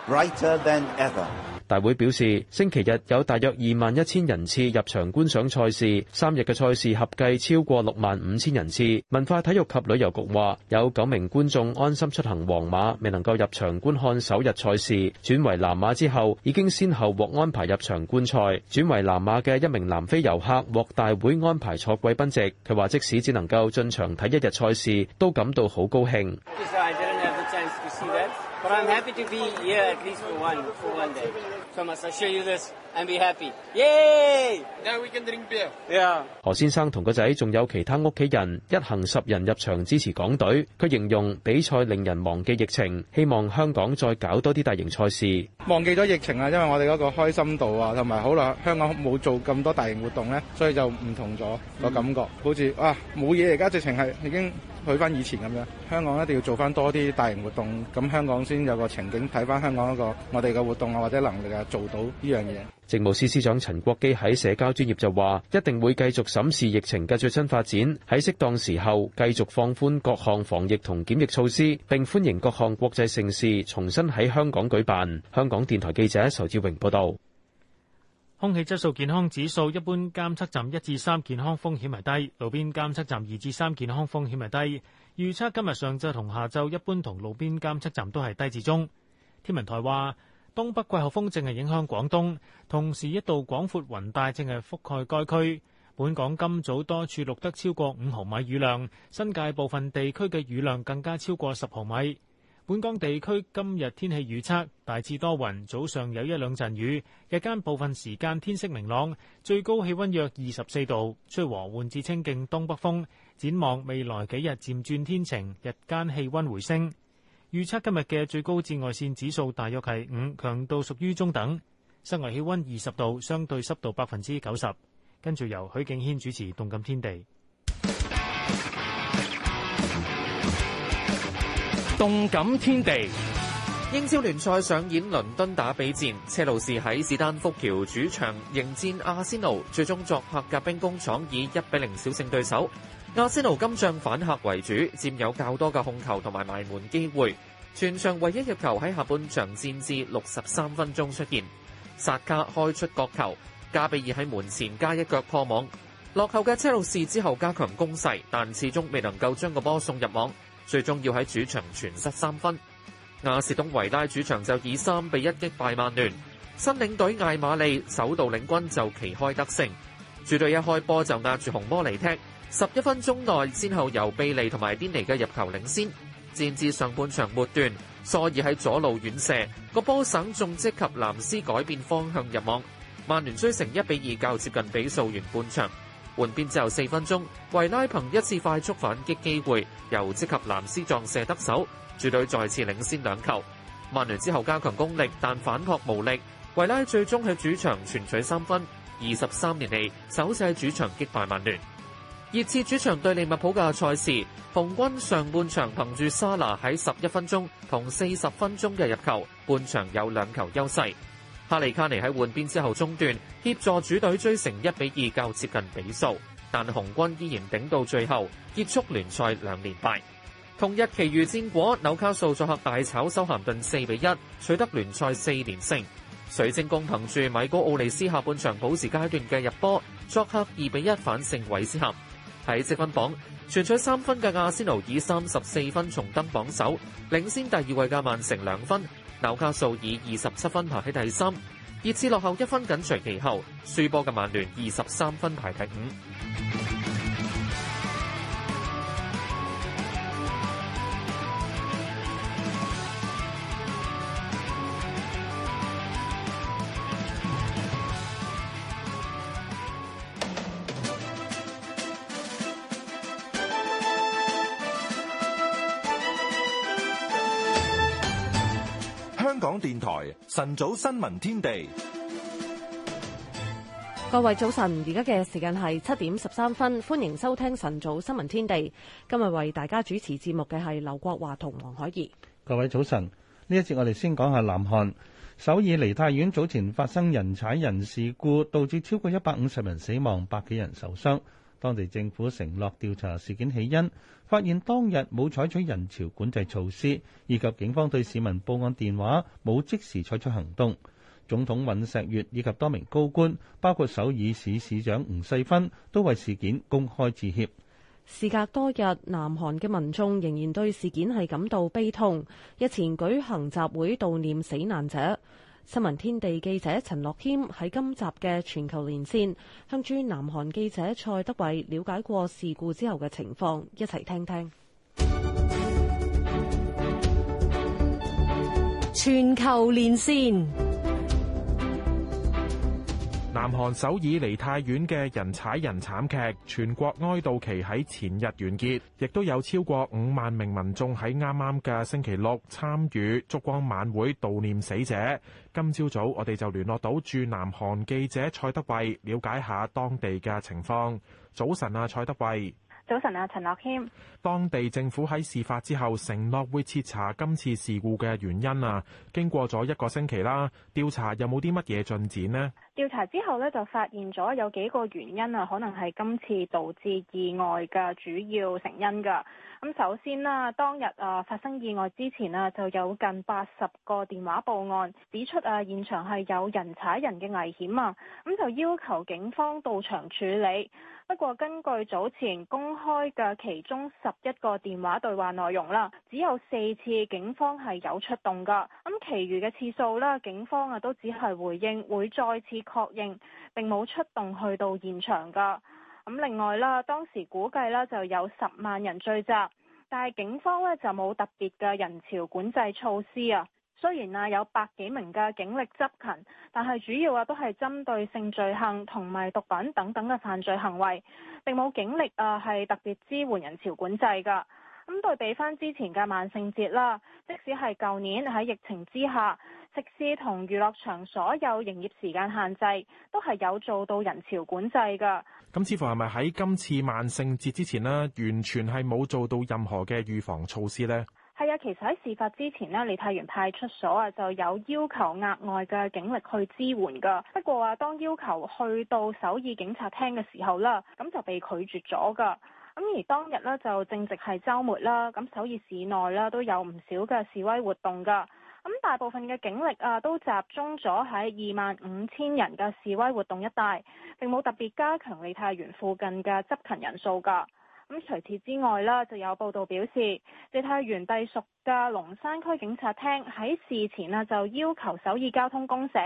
更亮。Brighter than ever. 大會表示，星期日有大約二萬一千人次入場觀賞賽事，三日嘅賽事合計超過六萬五千人次。文化體育及旅遊局話，有九名觀眾安心出行，黃碼，未能夠入場觀看首日賽事，轉為藍碼之後，已經先後獲安排入場觀賽，轉為藍碼嘅一名南非遊客獲大會安排坐貴賓席，佢話即使只能夠進場睇一日賽事，都感到好高興。But I'm happy to be here at least for one for one day. So I must assure you this and be happy. Yay! Now we can drink beer. Yeah. 何先生同個仔仲有其他屋企人一行十人入場支持港隊。佢形容比賽令人忘記疫情，希望香港再搞多啲大型賽事。忘記咗疫情啊，因為我哋嗰個開心度啊，同埋好耐香港冇做咁多大型活動咧，所以就唔同咗個感覺。好似哇冇嘢而家直情係已經。去翻以前咁樣，香港一定要做翻多啲大型活動，咁香港先有個情景睇翻香港一個我哋嘅活動啊或者能力啊做到呢樣嘢。政務司司長陳國基喺社交專業就話，一定會繼續審視疫情嘅最新發展，喺適當時候繼續放寬各項防疫同檢疫措施，並歡迎各項國際盛事重新喺香港舉辦。香港電台記者仇志榮報道。空氣質素健康指數一般監測站一至三健康風險係低，路邊監測站二至三健康風險係低。預測今日上晝同下晝一般同路邊監測站都係低至中。天文台話東北季候風正係影響廣東，同時一道廣闊雲帶正係覆蓋該區。本港今早多處錄得超過五毫米雨量，新界部分地區嘅雨量更加超過十毫米。本港地區今日天氣預測大致多雲，早上有一兩陣雨，日間部分時間天色明朗，最高氣溫約二十四度，吹和緩至清勁東北風。展望未來幾日漸轉天晴，日間氣温回升。預測今日嘅最高紫外線指數大約係五，強度屬於中等。室外氣溫二十度，相對濕度百分之九十。跟住由許敬軒主持《動感天地》。動感天地，英超聯賽上演倫敦打比戰，車路士喺史丹福橋主場迎戰阿仙奴，最終作客甲兵工廠以一比零小勝對手。阿仙奴今仗反客為主，佔有較多嘅控球同埋埋門機會，全場唯一入球喺下半場戰至六十三分鐘出現，薩卡開出角球，加比爾喺門前加一腳破網。落後嘅車路士之後加強攻勢，但始終未能夠將個波送入網。最終要喺主場全失三分。亞士東維拉主場就以三比一擊敗曼聯。新領隊艾馬利首度領軍就旗開得勝，主隊一開波就壓住紅魔嚟踢。十一分鐘內先後由貝利同埋甸尼嘅入球領先，戰至上半場末段，索爾喺左路遠射，個波省中即及藍斯改變方向入網。曼聯追成一比二，較接近比數完半場。換邊之後四分鐘，維拉憑一次快速反擊機會，由即刻藍斯撞射得手，主隊再次領先兩球。曼聯之後加強攻力，但反撲無力，維拉最終喺主場全取三分，二十三年嚟，首次主場擊敗曼聯。熱刺主場對利物浦嘅賽事，紅軍上半場憑住沙拿喺十一分鐘同四十分鐘嘅入球，半場有兩球優勢。哈利卡尼喺換邊之後中段，協助主隊追成一比二，較接近比數，但紅軍依然頂到最後，結束聯賽兩連敗。同日，其餘戰果：紐卡素作客大炒修咸頓四比一，取得聯賽四連勝，水晶宮憑住米高奧利斯下半場保持階段嘅入波，作客二比一反勝韋斯咸。喺積分榜，全取三分嘅阿仙奴以三十四分重登榜首，領先第二位嘅曼城兩分。紐卡素以二十七分排喺第三，熱刺落後一分緊隨其後，輸波嘅曼聯二十三分排第五。晨早新聞天地，各位早晨，而家嘅時間係七點十三分，歡迎收聽晨早新聞天地。今日為大家主持節目嘅係劉國華同黃海怡。各位早晨，呢一節我哋先講下南韓首爾梨泰院早前發生人踩人事故，導致超過一百五十人死亡，百幾人受傷。當地政府承諾調查事件起因。發現當日冇採取人潮管制措施，以及警方對市民報案電話冇即時採取行動。總統尹錫悅以及多名高官，包括首爾市市長吳世勳，都為事件公開致歉。事隔多日，南韓嘅民眾仍然對事件係感到悲痛，日前舉行集會悼念死難者。新聞天地記者陳樂謙喺今集嘅全球連線，向駐南韓記者蔡德偉了解過事故之後嘅情況，一齊聽聽。全球連線。南韓首爾梨泰院嘅人踩人慘劇，全國哀悼期喺前日完結，亦都有超過五萬名民眾喺啱啱嘅星期六參與燭光晚會悼念死者。今朝早，我哋就聯絡到駐南韓記者蔡德慧，了解下當地嘅情況。早晨啊，蔡德慧。早晨啊，陳樂謙。當地政府喺事發之後承諾會徹查今次事故嘅原因啊。經過咗一個星期啦，調查有冇啲乜嘢進展呢？調查之後呢，就發現咗有幾個原因啊，可能係今次導致意外嘅主要成因㗎。咁首先啦，當日啊發生意外之前啊，就有近八十個電話報案指出啊，現場係有人踩人嘅危險啊，咁就要求警方到場處理。不過根據早前公開嘅其中十一個電話對話內容啦，只有四次警方係有出動㗎，咁其餘嘅次數啦，警方啊都只係回應會再次。確認並冇出動去到現場噶。咁另外啦，當時估計呢就有十萬人聚集，但係警方呢就冇特別嘅人潮管制措施啊。雖然啊有百幾名嘅警力執勤，但係主要啊都係針對性罪行同埋毒品等等嘅犯罪行為，並冇警力啊係特別支援人潮管制噶。咁對比翻之前嘅萬聖節啦，即使係舊年喺疫情之下。食肆同娛樂場所有營業時間限制，都係有做到人潮管制噶。咁似乎係咪喺今次萬聖節之前咧，完全係冇做到任何嘅預防措施呢？係啊，其實喺事發之前呢，梨泰院派出所啊就有要求額外嘅警力去支援噶。不過啊，當要求去到首爾警察廳嘅時候啦，咁就被拒絕咗噶。咁而當日呢，就正值係周末啦，咁首爾市內啦，都有唔少嘅示威活動噶。咁大部分嘅警力啊，都集中咗喺二萬五千人嘅示威活動一帶，並冇特別加強梨泰院附近嘅執勤人數噶。咁除此之外啦，就有報道表示，梨泰院隸屬嘅龍山區警察廳喺事前啊，就要求首爾交通公社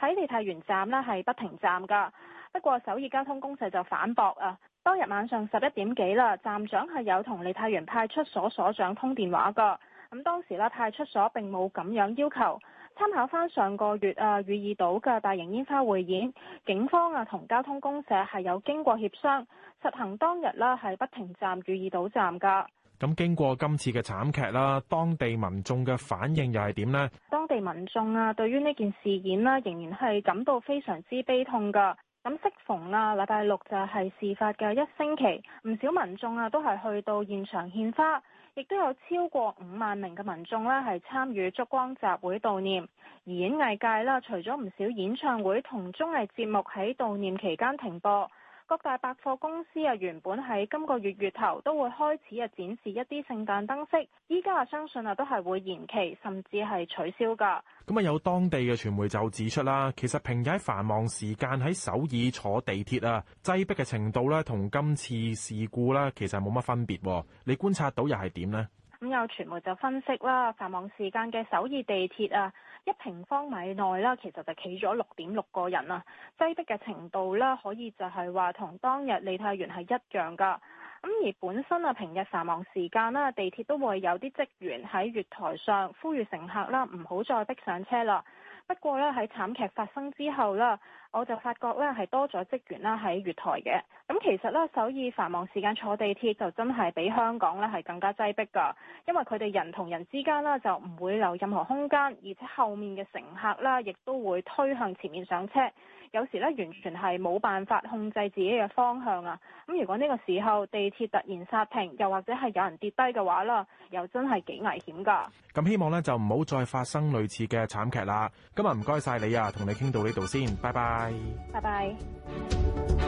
喺梨泰院站啦係不停站噶。不過首爾交通公社就反駁啊，當日晚上十一點幾啦，站長係有同梨泰院派出所所長通電話噶。咁當時咧，派出所並冇咁樣要求。參考翻上個月啊，如意島嘅大型煙花匯演，警方啊同交通公社係有經過協商，實行當日啦係不停站如意島站噶。咁經過今次嘅慘劇啦，當地民眾嘅反應又係點呢？當地民眾啊，對於呢件事件啦，仍然係感到非常之悲痛噶。咁適逢啊禮拜六就係事發嘅一星期，唔少民眾啊都係去到現場獻花。亦都有超過五萬名嘅民眾咧，係參與燭光集會悼念，而演藝界啦，除咗唔少演唱會同綜藝節目喺悼念期間停播。各大百貨公司啊，原本喺今個月月頭都會開始啊展示一啲聖誕燈飾，依家啊相信啊都係會延期，甚至係取消噶。咁啊，有當地嘅傳媒就指出啦，其實平日喺繁忙時間喺首爾坐地鐵啊，擠逼嘅程度咧，同今次事故咧，其實冇乜分別。你觀察到又係點呢？咁有傳媒就分析啦，繁忙時間嘅首爾地鐵啊，一平方米內啦、啊，其實就企咗六點六個人啊，擠逼嘅程度啦、啊，可以就係話同當日梨泰院係一樣噶。咁而本身啊，平日繁忙時間啦、啊，地鐵都會有啲職員喺月台上呼籲乘客啦、啊，唔好再逼上車啦。不過咧，喺慘劇發生之後啦，我就發覺咧係多咗職員啦喺月台嘅。咁其實咧，首爾繁忙時間坐地鐵就真係比香港咧係更加擠迫㗎，因為佢哋人同人之間啦就唔會留任何空間，而且後面嘅乘客啦亦都會推向前面上車。有時咧完全係冇辦法控制自己嘅方向啊！咁如果呢個時候地鐵突然煞停，又或者係有人跌低嘅話啦，又真係幾危險㗎。咁希望咧就唔好再發生類似嘅慘劇啦。今日唔該晒你啊，同你傾到呢度先，拜拜。拜拜。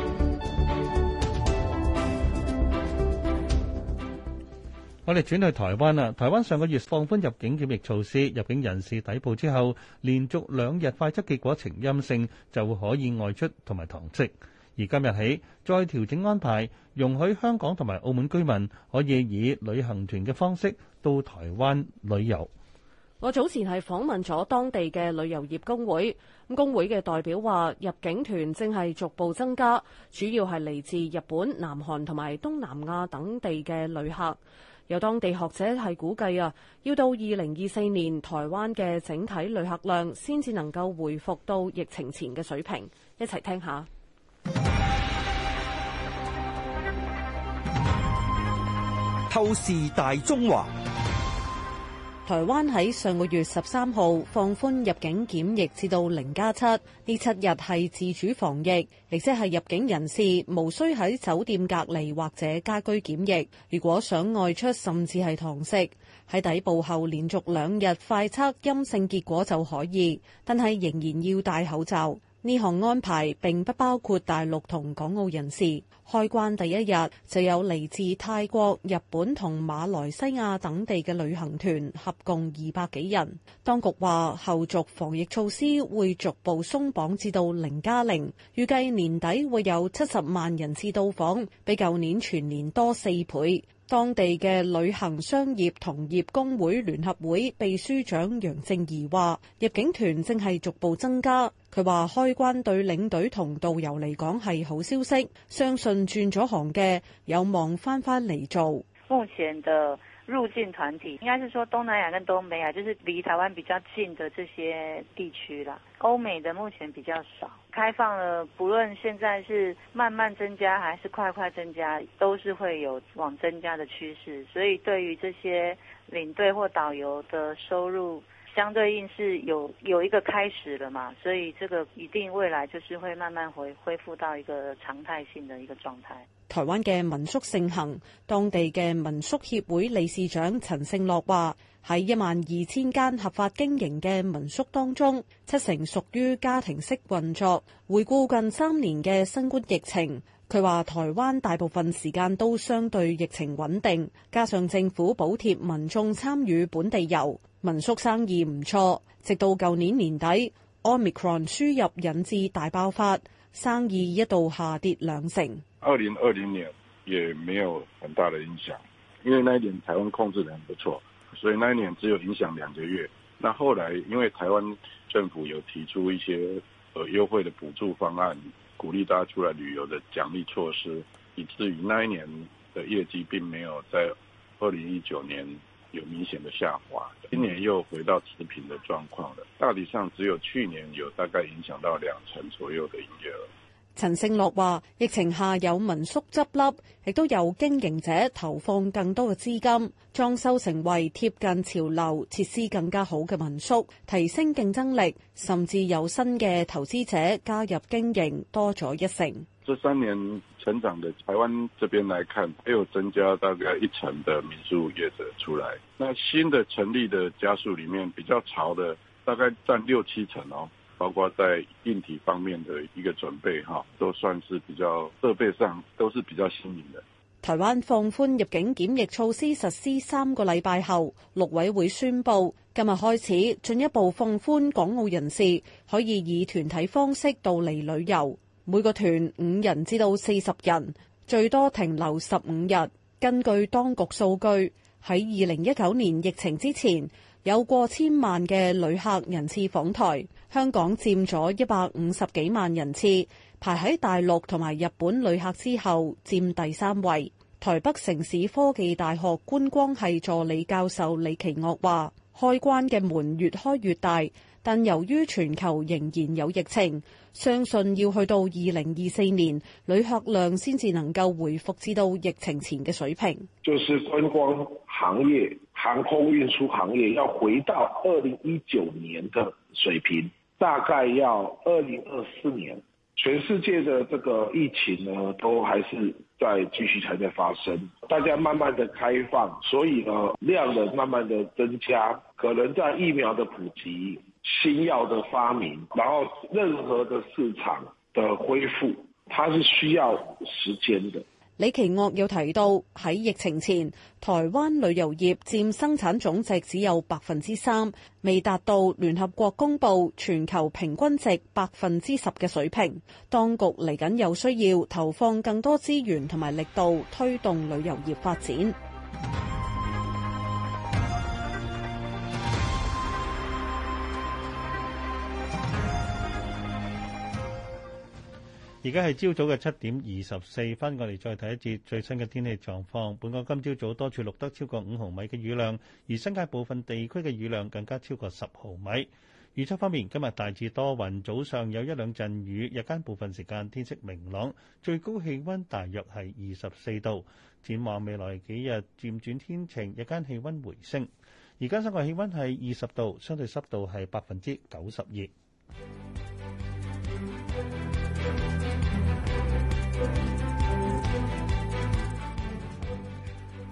我哋轉去台灣啦。台灣上個月放寬入境檢疫措施，入境人士抵埗之後，連續兩日快測結果呈陰性，就可以外出同埋堂食。而今日起再調整安排，容許香港同埋澳門居民可以以旅行團嘅方式到台灣旅遊。我早前係訪問咗當地嘅旅遊業公會，咁公會嘅代表話，入境團正係逐步增加，主要係嚟自日本、南韓同埋東南亞等地嘅旅客。有當地學者係估計啊，要到二零二四年，台灣嘅整體旅客量先至能夠回復到疫情前嘅水平。一齊聽下。透視大中華。台灣喺上個月十三號放寬入境檢疫至到零加七，呢七日係自主防疫，亦即係入境人士無需喺酒店隔離或者家居檢疫。如果想外出，甚至係堂食，喺抵埗後連續兩日快測陰性結果就可以，但係仍然要戴口罩。呢項安排並不包括大陸同港澳人士。開關第一日就有嚟自泰國、日本同馬來西亞等地嘅旅行團，合共二百幾人。當局話，後續防疫措施會逐步鬆綁至到零加零，預計年底會有七十萬人次到訪，比舊年全年多四倍。當地嘅旅行商業同業工會聯合會秘書長楊正怡話，入境團正係逐步增加。佢話開關對領隊同導遊嚟講係好消息，相信轉咗行嘅有望翻翻嚟做。目前的入境團體應該是說東南亞跟東北亞，就是離台灣比較近的這些地區啦。歐美的目前比較少，開放了，不論現在是慢慢增加還是快快增加，都是會有往增加的趨勢。所以對於這些領隊或導遊的收入。相對應是有有一個開始了嘛，所以這個一定未來就是會慢慢回恢復到一個常態性的一個狀態。台灣嘅民宿盛行，當地嘅民宿協會理事長陳勝樂話：喺一萬二千間合法經營嘅民宿當中，七成屬於家庭式運作。回顧近三年嘅新冠疫情。佢話：他說台灣大部分時間都相對疫情穩定，加上政府補貼，民眾參與本地遊，民宿生意唔錯。直到舊年年底，Omicron 輸入引致大爆發，生意一度下跌兩成。二零二零年也沒有很大的影響，因為那一年台灣控制得很不錯，所以那一年只有影響兩個月。那後來因為台灣政府有提出一些呃優惠的補助方案。鼓勵大家出來旅遊的獎勵措施，以至於那一年的業績並沒有在二零一九年有明顯的下滑的，今年又回到持平的狀況了。大體上只有去年有大概影響到兩成左右的營業額。陳勝洛話：疫情下有民宿執笠，亦都有經營者投放更多嘅資金，裝修成為貼近潮流、設施更加好嘅民宿，提升競爭力，甚至有新嘅投資者加入經營，多咗一成。這三年成長嘅台灣這邊來看，又增加大概一成的民宿業者出來，那新的成立的家屬裡面，比較潮的大概佔六七成哦。包括在硬體方面的一個準備，哈，都算是比較設備上都是比較新穎的。台灣放寬入境檢疫措施實施三個禮拜後，陸委會宣布，今日開始進一步放寬港澳人士可以以團體方式到嚟旅遊，每個團五人至到四十人，最多停留十五日。根據當局數據，喺二零一九年疫情之前，有過千萬嘅旅客人次訪台，香港佔咗一百五十幾萬人次，排喺大陸同埋日本旅客之後，佔第三位。台北城市科技大學觀光系助理教授李奇岳話，開關嘅門越開越大，但由於全球仍然有疫情。相信要去到二零二四年，旅客量先至能夠回復至到疫情前嘅水平。就是觀光行業、航空運輸行業要回到二零一九年的水平，大概要二零二四年。全世界的這個疫情呢，都還是在繼續，才在發生。大家慢慢的開放，所以呢量能慢慢的增加，可能在疫苗嘅普及。新藥的發明，然後任何的市場的恢復，它是需要時間的。李奇岳又提到喺疫情前，台灣旅遊業佔生產總值只有百分之三，未達到聯合國公布全球平均值百分之十嘅水平。當局嚟緊有需要投放更多資源同埋力度推動旅遊業發展。而家係朝早嘅七點二十四分，我哋再睇一節最新嘅天氣狀況。本港今朝早，早多處錄得超過五毫米嘅雨量，而新界部分地區嘅雨量更加超過十毫米。預測方面，今日大致多雲，早上有一兩陣雨，日間部分時間天色明朗，最高氣温大約係二十四度。展望未來幾日漸轉天晴，日間氣温回升。而家室外氣温係二十度，相對濕度係百分之九十二。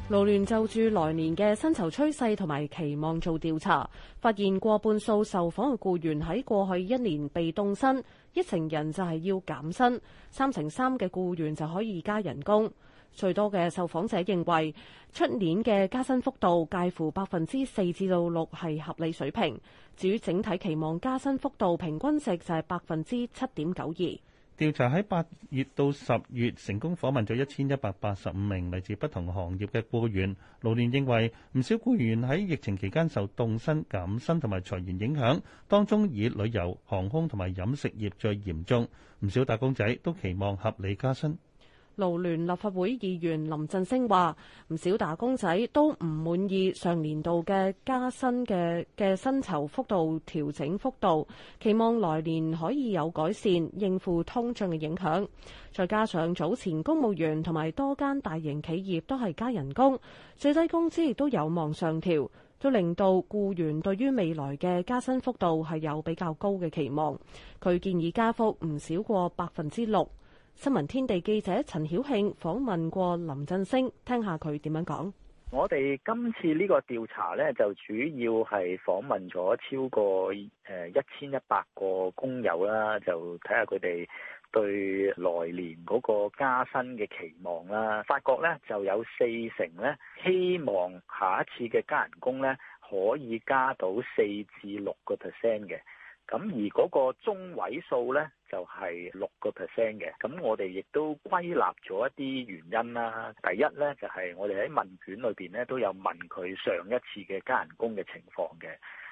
勞聯就住來年嘅薪酬趨勢同埋期望做調查，發現過半數受訪嘅僱員喺過去一年被凍薪，一成人就係要減薪，三成三嘅僱員就可以加人工。最多嘅受訪者認為，出年嘅加薪幅度介乎百分之四至到六係合理水平。至於整體期望加薪幅度平均值就係百分之七點九二。調查喺八月到十月成功訪問咗一千一百八十五名嚟自不同行業嘅雇員，勞聯認為唔少雇員喺疫情期間受凍薪減薪同埋裁員影響，當中以旅遊、航空同埋飲食業最嚴重。唔少打工仔都期望合理加薪。勞聯立法會議員林振升話，唔少打工仔都唔滿意上年度嘅加薪嘅嘅薪酬幅度調整幅度，期望來年可以有改善，應付通脹嘅影響。再加上早前公務員同埋多間大型企業都係加人工，最低工資亦都有望上調，都令到僱員對於未來嘅加薪幅度係有比較高嘅期望。佢建議加幅唔少過百分之六。新聞天地記者陳曉慶訪問過林振聲，聽下佢點樣講。我哋今次呢個調查呢，就主要係訪問咗超過誒一千一百個工友啦，就睇下佢哋對來年嗰個加薪嘅期望啦。發覺呢，就有四成呢，希望下一次嘅加人工呢，可以加到四至六個 percent 嘅。咁而嗰個中位數呢，就係六個 percent 嘅，咁我哋亦都歸納咗一啲原因啦。第一呢，就係我哋喺問卷裏面呢，都有問佢上一次嘅加人工嘅情況嘅，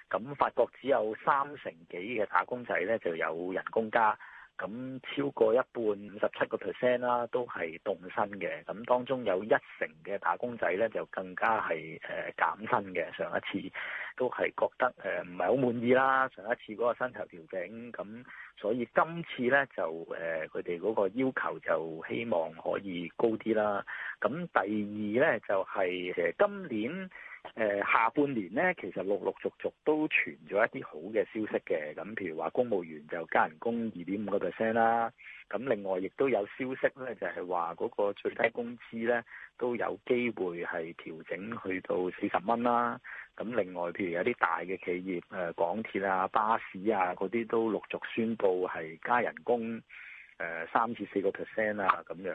咁發覺只有三成幾嘅打工仔呢，就有人工加。咁超過一半，五十七個 percent 啦，都係凍薪嘅。咁當中有一成嘅打工仔咧，就更加係誒、呃、減薪嘅。上一次都係覺得誒唔係好滿意啦。上一次嗰個薪酬調整。咁所以今次咧就誒佢哋嗰個要求就希望可以高啲啦。咁第二咧就係、誒、今年。誒、呃、下半年呢，其實陸陸續續都傳咗一啲好嘅消息嘅，咁譬如話公務員就加人工二點五個 percent 啦，咁另外亦都有消息呢，就係話嗰個最低工資呢，都有機會係調整去到四十蚊啦，咁另外譬如有啲大嘅企業，誒港鐵啊、巴士啊嗰啲都陸續宣布係加人工。誒三至四個 percent 啊，咁樣，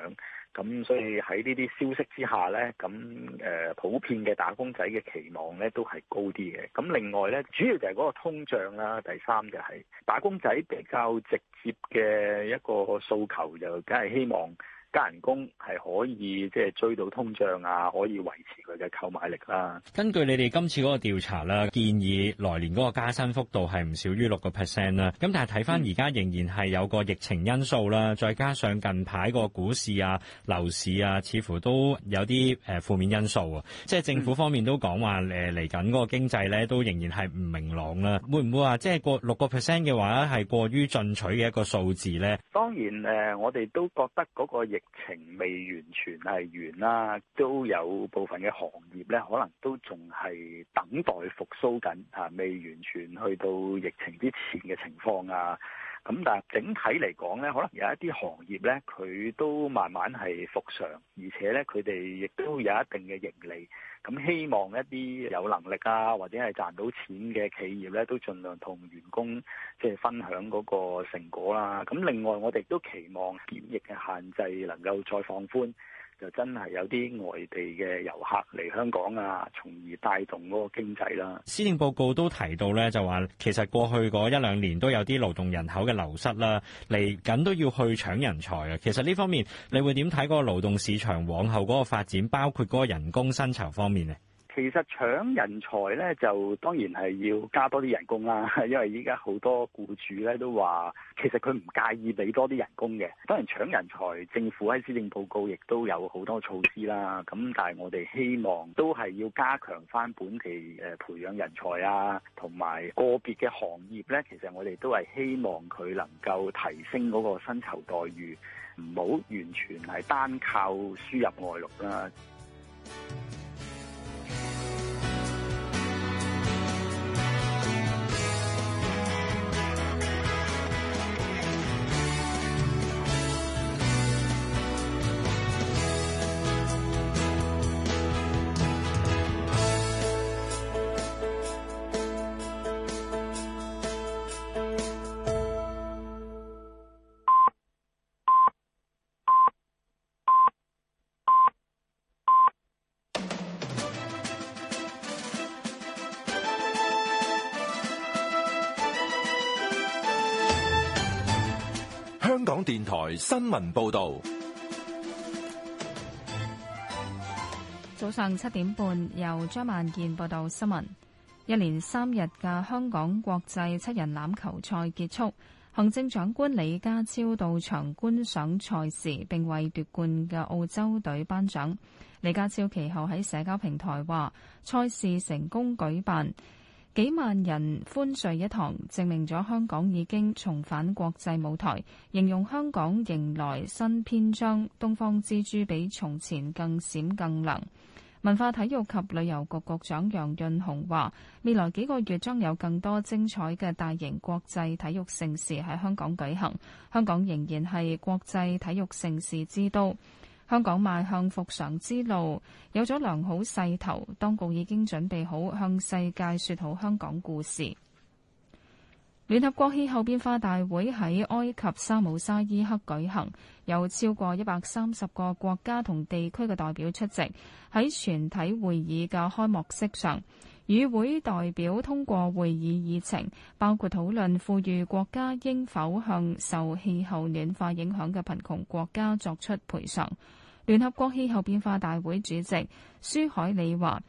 咁所以喺呢啲消息之下呢，咁誒、呃、普遍嘅打工仔嘅期望呢都係高啲嘅。咁另外呢，主要就係嗰個通脹啦、啊，第三就係打工仔比較直接嘅一個訴求就梗係希望。加人工係可以即係追到通脹啊，可以維持佢嘅購買力啦。根據你哋今次嗰個調查啦，建議來年嗰個加薪幅度係唔少於六個 percent 啦。咁但係睇翻而家仍然係有個疫情因素啦，再加上近排個股市啊、樓市啊，似乎都有啲誒負面因素啊。即係政府方面都講話誒，嚟緊嗰個經濟咧都仍然係唔明朗啦。會唔會話即係過六個 percent 嘅話係過於進取嘅一個數字咧？當然誒，我哋都覺得嗰個疫疫情未完全係完啦，啊，都有部分嘅行業咧，可能都仲係等待復蘇緊啊，未完全去到疫情之前嘅情況啊。咁但係整體嚟講呢，可能有一啲行業呢，佢都慢慢係復常，而且呢，佢哋亦都有一定嘅盈利。咁希望一啲有能力啊，或者係賺到錢嘅企業呢，都盡量同員工即係分享嗰個成果啦。咁另外，我哋都期望檢疫嘅限制能夠再放寬。就真係有啲外地嘅遊客嚟香港啊，從而帶動嗰個經濟啦、啊。施政報告都提到呢，就話其實過去嗰一兩年都有啲勞動人口嘅流失啦、啊，嚟緊都要去搶人才啊。其實呢方面，你會點睇嗰個勞動市場往後嗰個發展，包括嗰個人工薪酬方面呢？其實搶人才咧，就當然係要加多啲人工啦，因為依家好多僱主咧都話，其實佢唔介意俾多啲人工嘅。當然搶人才，政府喺施政報告亦都有好多措施啦。咁但係我哋希望都係要加強翻本地誒培養人才啊，同埋個別嘅行業咧，其實我哋都係希望佢能夠提升嗰個薪酬待遇，唔好完全係單靠輸入外勞啦。新聞報道，早上七點半由張萬健報道新聞。一連三日嘅香港國際七人欖球賽結束，行政長官李家超到場觀賞賽事，並為奪冠嘅澳洲隊頒獎。李家超其後喺社交平台話賽事成功舉辦。幾萬人歡聚一堂，證明咗香港已經重返國際舞台，形容香港迎來新篇章。東方之珠比從前更閃更亮。文化體育及旅遊局局長楊潤雄話，未來幾個月將有更多精彩嘅大型國際體育盛事喺香港舉行，香港仍然係國際體育盛事之都。香港邁向復常之路，有咗良好勢頭，當局已經準備好向世界説好香港故事。聯合國氣候變化大會喺埃及沙姆沙伊克舉行，有超過一百三十個國家同地區嘅代表出席。喺全體會議嘅開幕式上，與會代表通過會議議程，包括討論富裕國家應否向受氣候暖化影響嘅貧窮國家作出賠償。聯合國氣候變化大會主席舒海里話，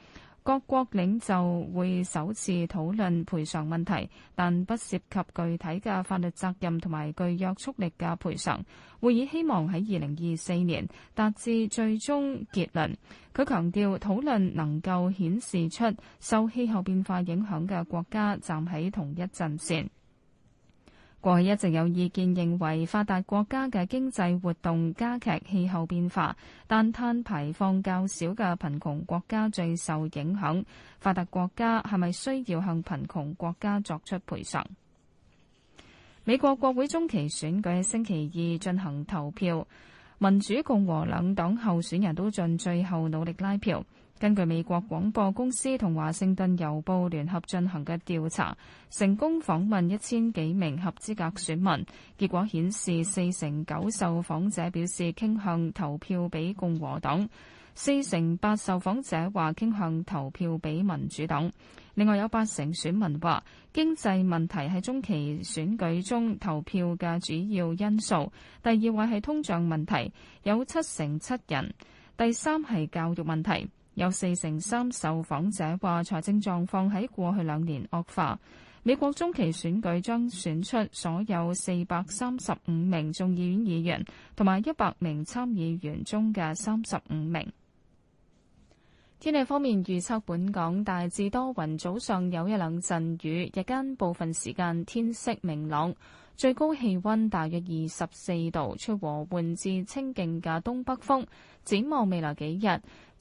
各國領袖會首次討論賠償問題，但不涉及具體嘅法律責任同埋具約束力嘅賠償。會議希望喺二零二四年達至最終結論。佢強調，討論能夠顯示出受氣候變化影響嘅國家站喺同一陣線。過去一直有意見認為，發達國家嘅經濟活動加劇氣候變化，但碳排放較少嘅貧窮國家最受影響。發達國家係咪需要向貧窮國家作出賠償？美國國會中期選舉喺星期二進行投票，民主共和兩黨候選人都盡最後努力拉票。根據美國廣播公司同華盛頓郵報聯合進行嘅調查，成功訪問一千幾名合資格選民，結果顯示四成九受訪者表示傾向投票俾共和黨，四成八受訪者話傾向投票俾民主黨。另外有八成選民話經濟問題係中期選舉中投票嘅主要因素，第二位係通脹問題，有七成七人，第三係教育問題。有四成三受訪者話財政狀況喺過去兩年惡化。美國中期選舉將選出所有四百三十五名眾議院議員同埋一百名參議員中嘅三十五名。天氣方面預測，本港大致多雲，早上有一兩陣雨，日間部分時間天色明朗，最高氣温大約二十四度，出和緩至清勁嘅東北風。展望未來幾日。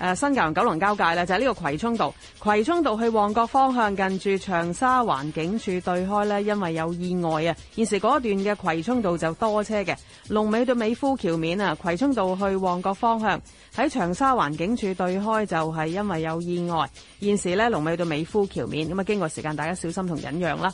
誒新界同九龍交界呢，就係呢個葵涌道，葵涌道去旺角方向近住長沙灣警署對開呢，因為有意外啊。現時嗰段嘅葵涌道就多車嘅，龍尾到美孚橋面啊，葵涌道去旺角方向喺長沙灣警署對開就係因為有意外，現時呢，龍尾到美孚橋面，咁啊經過時間，大家小心同忍讓啦。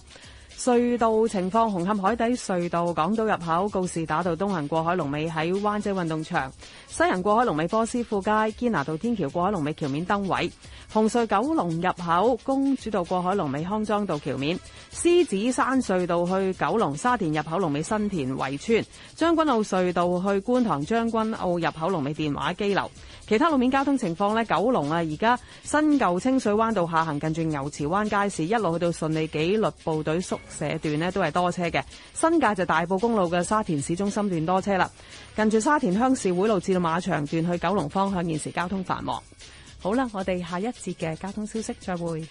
隧道情況：紅磡海底隧道港島入口告士打道東行過海龍尾喺灣仔運動場；西行過海龍尾波斯富街堅拿道天橋過海龍尾橋面燈位；紅隧九龍入口公主道過海龍尾康莊道橋面；獅子山隧道去九龍沙田入口龍尾新田圍村；將軍澳隧道去觀塘將軍澳入口龍尾電話機樓。其他路面交通情況呢，九龍啊，而家新舊清水灣道下行近住牛池灣街市一路去到順利紀律部隊宿舍段呢都係多車嘅。新界就大埔公路嘅沙田市中心段多車啦，近住沙田鄉事會路至到馬場段去九龍方向，現時交通繁忙。好啦，我哋下一節嘅交通消息，再會。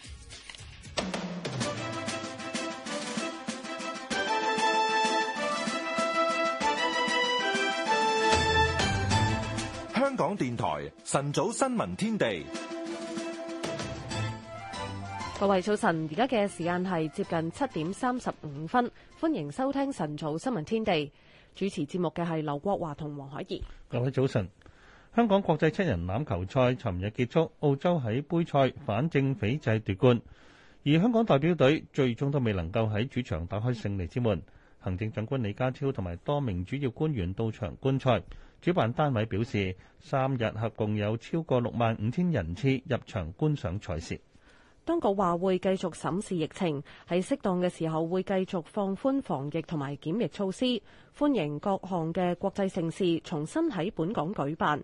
香港電台晨早新聞天地，各位早晨，而家嘅時間係接近七點三十五分，歡迎收聽晨早新聞天地。主持節目嘅係劉國華同黃海怡。各位早晨，香港國際七人欖球賽尋日結束，澳洲喺杯賽反正斐濟奪冠，而香港代表隊最終都未能夠喺主場打開勝利之門。行政長官李家超同埋多名主要官員到場觀賽。主辦單位表示，三日合共有超過六萬五千人次入場觀賞賽事。當局話會繼續審視疫情，喺適當嘅時候會繼續放寬防疫同埋檢疫措施，歡迎各項嘅國際盛事重新喺本港舉辦。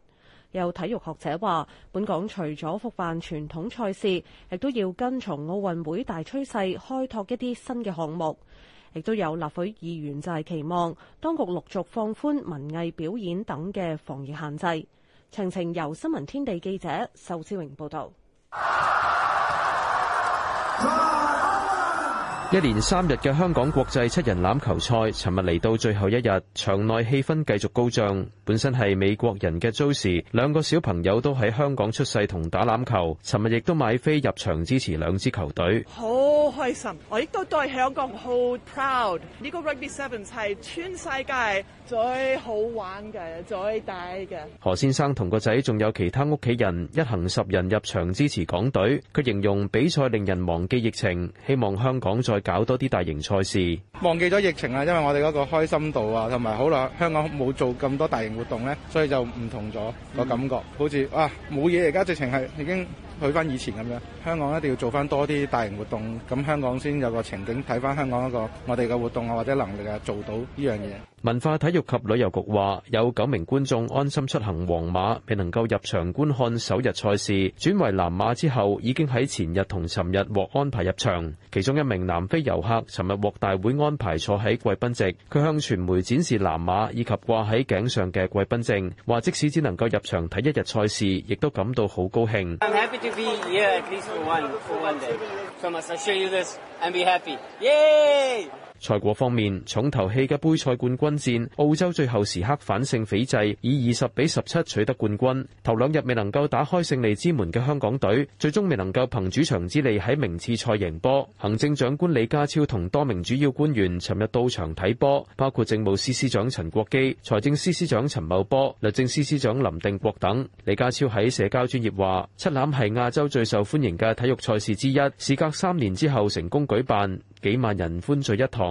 有體育學者話，本港除咗復辦傳統賽事，亦都要跟從奧運會大趨勢，開拓一啲新嘅項目。亦都有立會議員就係期望當局陸續放寬文藝表演等嘅防疫限制。詳情由新聞天地記者仇志榮報導。啊啊一連三日嘅香港國際七人欖球賽，尋日嚟到最後一日，場內氣氛繼續高漲。本身係美國人嘅 Joyce，兩個小朋友都喺香港出世同打欖球，尋日亦都買飛入場支持兩支球隊，好開心。我亦都都對香港好 proud 呢個 Rugby Sevens 係全世界。最好玩嘅，最大嘅。何先生同個仔仲有其他屋企人一行十人入場支持港隊。佢形容比賽令人忘記疫情，希望香港再搞多啲大型賽事。忘記咗疫情啊，因為我哋嗰個開心度啊，同埋好耐香港冇做咁多大型活動咧，所以就唔同咗個感覺。好似啊，冇嘢，而家直情係已經去翻以前咁樣。香港一定要做翻多啲大型活動，咁香港先有個情景睇翻香港一個我哋嘅活動啊，或者能力啊，做到呢樣嘢。文化體育及旅遊局話，有九名觀眾安心出行，黃碼未能夠入場觀看首日賽事，轉為藍碼之後，已經喺前日同尋日獲安排入場。其中一名南非遊客尋日獲大會安排坐喺貴賓席，佢向傳媒展示藍碼以及掛喺頸上嘅貴賓證，話即使只能夠入場睇一日賽事，亦都感到好高興。賽果方面，重頭戲嘅杯賽冠軍戰，澳洲最後時刻反勝斐濟，以二十比十七取得冠軍。頭兩日未能夠打開勝利之門嘅香港隊，最終未能夠憑，憑主場之利喺名次賽贏波。行政長官李家超同多名主要官員尋日到場睇波，包括政務司司長陳國基、財政司司長陳茂波、律政司司長林定國等。李家超喺社交專業話：七欖係亞洲最受歡迎嘅體育賽事之一，事隔三年之後成功舉辦，幾萬人歡聚一堂。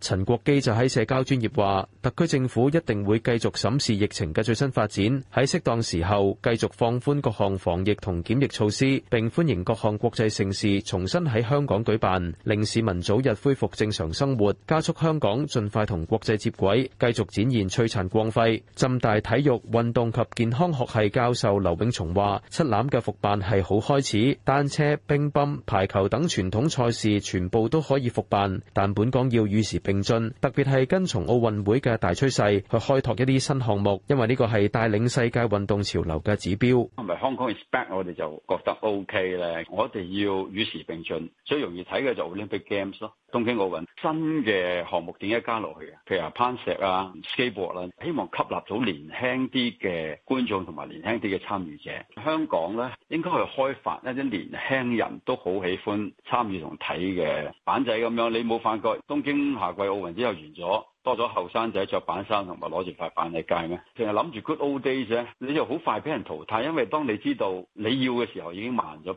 陳國基就喺社交專頁話。特區政府一定會繼續審視疫情嘅最新發展，喺適當時候繼續放寬各項防疫同檢疫措施，並歡迎各項國際盛事重新喺香港舉辦，令市民早日恢復正常生活，加速香港盡快同國際接軌，繼續展現璀璨光輝。浸大體育運動及健康學系教授劉永松話：七欖嘅復辦係好開始，單車、乒乓、排球等傳統賽事全部都可以復辦，但本港要與時並進，特別係跟從奧運會嘅。大趨勢去開拓一啲新項目，因為呢個係帶領世界運動潮流嘅指標。同埋香港 expect，我哋就覺得 OK 咧。我哋要與時並進，最容易睇嘅就 Olympic Games 咯。東京奧運新嘅項目點樣加落去？譬如話攀石啊、skateboard 啦，希望吸納到年輕啲嘅觀眾同埋年輕啲嘅參與者。香港咧應該去開發一啲年輕人都好喜歡參與同睇嘅板仔咁樣。你冇發覺東京夏季奧運之後完咗？多咗後生仔著板衫同埋攞住塊板喺街咩？淨係諗住 good old days 咧，你就好快俾人淘汰，因為當你知道你要嘅時候已經慢咗。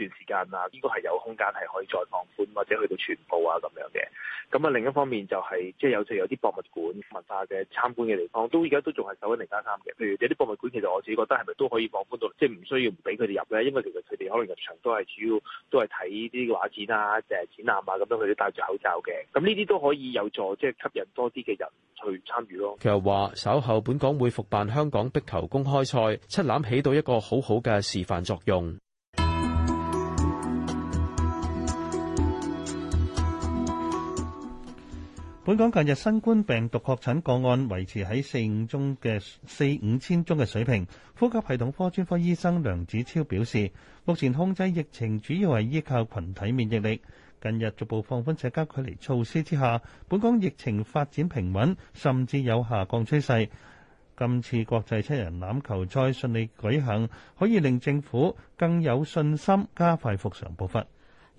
段時間啊，應該係有空間係可以再放寬，或者去到全部啊咁樣嘅。咁啊另一方面就係，即係有就有啲博物館文化嘅參觀嘅地方，都而家都仲係守緊零加三嘅。譬如有啲博物館，其實我自己覺得係咪都可以放寬到，即係唔需要唔俾佢哋入咧。因為其實佢哋可能入場都係主要都係睇啲畫展啊、誒展覽啊咁樣，佢哋戴住口罩嘅。咁呢啲都可以有助即係吸引多啲嘅人去參與咯。佢又話：稍後本港會復辦香港壁球公開賽，七欖起到一個很好好嘅示範作用。本港近日新冠病毒確診個案維持喺四五宗嘅四五千宗嘅水平。呼吸系統科專科醫生梁子超表示，目前控制疫情主要係依靠群體免疫力。近日逐步放寬社交距離措施之下，本港疫情發展平穩，甚至有下降趨勢。今次國際七人欖球賽順利舉行，可以令政府更有信心加快復常步伐。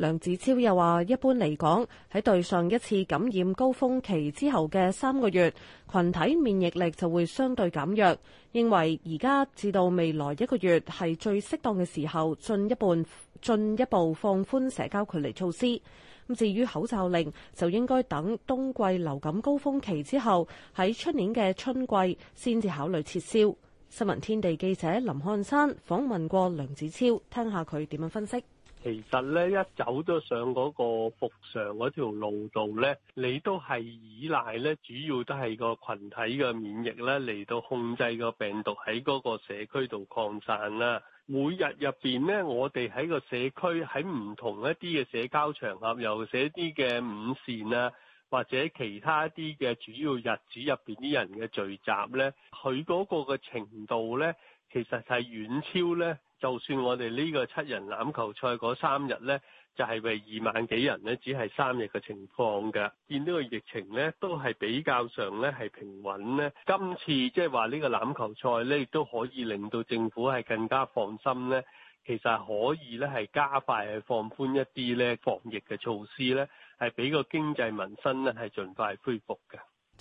梁子超又話：一般嚟講，喺對上一次感染高峰期之後嘅三個月，群體免疫力就會相對減弱。認為而家至到未來一個月係最適當嘅時候進一半，進一步一步放寬社交距離措施。咁至於口罩令，就應該等冬季流感高峰期之後，喺出年嘅春季先至考慮撤銷。新聞天地記者林漢山訪問過梁子超，聽下佢點樣分析。其實咧，一走咗上嗰個復常嗰條路度咧，你都係依賴咧，主要都係個群體嘅免疫呢咧，嚟到控制個病毒喺嗰個社區度擴散啦。每日入面咧，我哋喺個社區喺唔同一啲嘅社交場合，又寫啲嘅午膳啊，或者其他一啲嘅主要日子入面啲人嘅聚集咧，佢嗰個嘅程度咧，其實係遠超咧。就算我哋呢個七人欖球賽嗰三日呢，就係為二萬幾人呢，只係三日嘅情況㗎。見到呢個疫情呢，都係比較上呢係平穩呢。今次即係話呢個欖球賽呢，亦都可以令到政府係更加放心呢。其實可以呢係加快去放寬一啲呢防疫嘅措施呢，係俾個經濟民生呢，係盡快恢復嘅。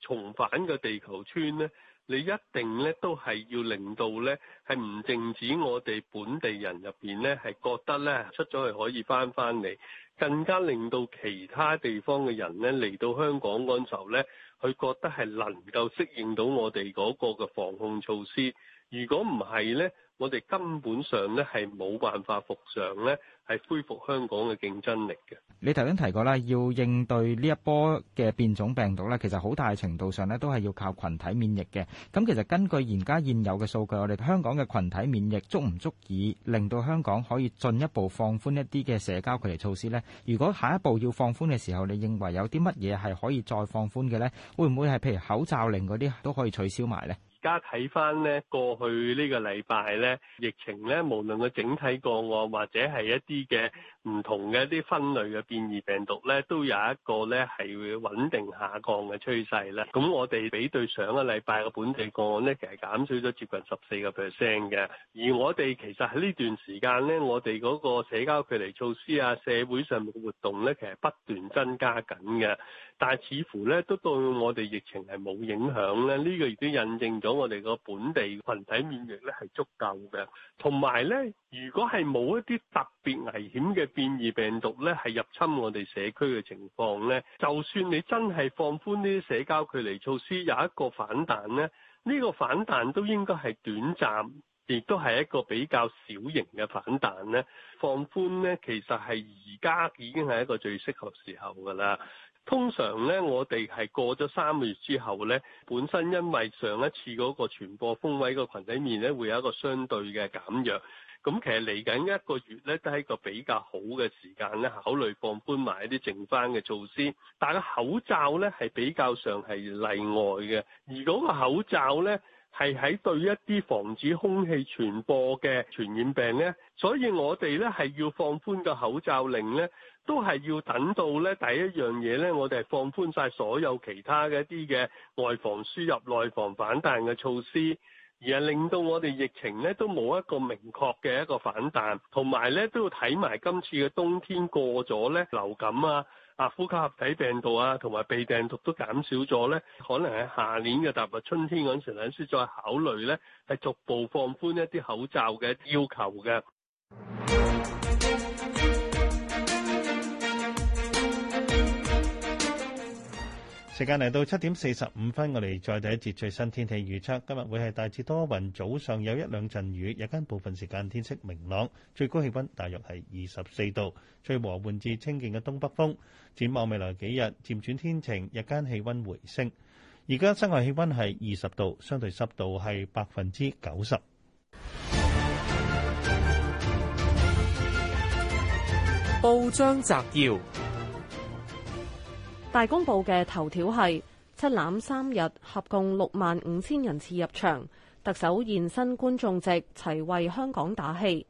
重返個地球村呢，你一定呢都係要令到呢係唔淨止我哋本地人入面呢係覺得呢出咗去可以翻翻嚟，更加令到其他地方嘅人呢嚟到香港嗰時候呢，佢覺得係能夠適應到我哋嗰個嘅防控措施。如果唔係呢，我哋根本上呢係冇辦法復常呢係恢復香港嘅競爭力嘅。你頭先提過啦，要應對呢一波嘅變種病毒呢，其實好大程度上呢都係要靠群體免疫嘅。咁其實根據而家現有嘅數據，我哋香港嘅群體免疫足唔足以令到香港可以進一步放寬一啲嘅社交距離措施呢？如果下一步要放寬嘅時候，你認為有啲乜嘢係可以再放寬嘅呢？會唔會係譬如口罩令嗰啲都可以取消埋呢？家睇翻咧，過去這個呢個禮拜咧，疫情咧，無論個整體個案或者係一啲嘅唔同嘅一啲分類嘅變異病毒咧，都有一個咧係會穩定下降嘅趨勢咧。咁我哋比對上一個禮拜嘅本地個案咧，其實減少咗接近十四個 percent 嘅。而我哋其實喺呢段時間咧，我哋嗰個社交距離措施啊，社會上面嘅活動咧，其實不斷增加緊嘅。但係似乎咧，都對我哋疫情係冇影響咧。呢、這個亦都印證咗。我哋個本地群體免疫呢係足夠嘅，同埋呢，如果係冇一啲特別危險嘅變異病毒呢，係入侵我哋社區嘅情況呢，就算你真係放寬呢啲社交距離措施，有一個反彈呢，呢個反彈都應該係短暫，亦都係一個比較小型嘅反彈呢，放寬呢，其實係而家已經係一個最適合的時候噶啦。通常咧，我哋係過咗三個月之後咧，本身因為上一次嗰個傳播峰位個群體面咧，會有一個相對嘅減弱。咁其實嚟緊一個月咧，都係一個比較好嘅時間咧，考慮放寬埋一啲剩翻嘅措施。但係口罩咧，係比較上係例外嘅。而嗰個口罩咧，係喺對一啲防止空氣傳播嘅傳染病咧，所以我哋咧係要放寬個口罩令咧。都係要等到咧第一樣嘢咧，我哋係放寬晒所有其他嘅一啲嘅外防輸入、內防反彈嘅措施，而係令到我哋疫情咧都冇一個明確嘅一個反彈，同埋咧都要睇埋今次嘅冬天過咗咧，流感啊、啊呼吸合體病毒啊同埋鼻病毒都減少咗咧，可能喺下年嘅踏入春天嗰陣時先再考慮咧，係逐步放寬一啲口罩嘅要求嘅。時間嚟到七點四十五分，我哋再睇一節最新天氣預測。今日會係大致多雲，早上有一兩陣雨，日間部分時間天色明朗，最高氣温大約係二十四度，最和緩至清勁嘅東北風。展望未來幾日，漸轉天晴，日間氣温回升。而家室外氣温係二十度，相對濕度係百分之九十。報章摘要。大公報嘅頭條係七攬三日，合共六萬五千人次入場。特首現身觀眾席，齊為香港打氣。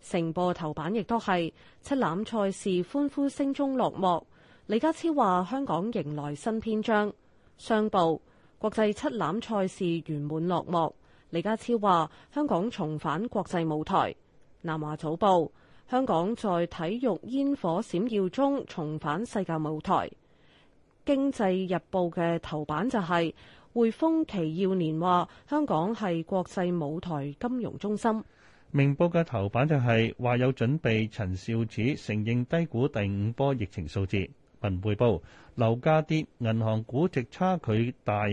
成報頭版亦都係七攬賽事歡呼聲中落幕。李家超話：香港迎來新篇章。商報國際，七攬賽事圓滿落幕。李家超話：香港重返國際舞台。南華早報，香港在體育煙火閃耀中重返世界舞台。《經濟日報》嘅頭版就係、是、匯豐祁耀年話香港係國際舞台金融中心，《明報》嘅頭版就係、是、話有準備，陳肇始承認低估第五波疫情數字，《文匯報》樓價跌，銀行估值差距大，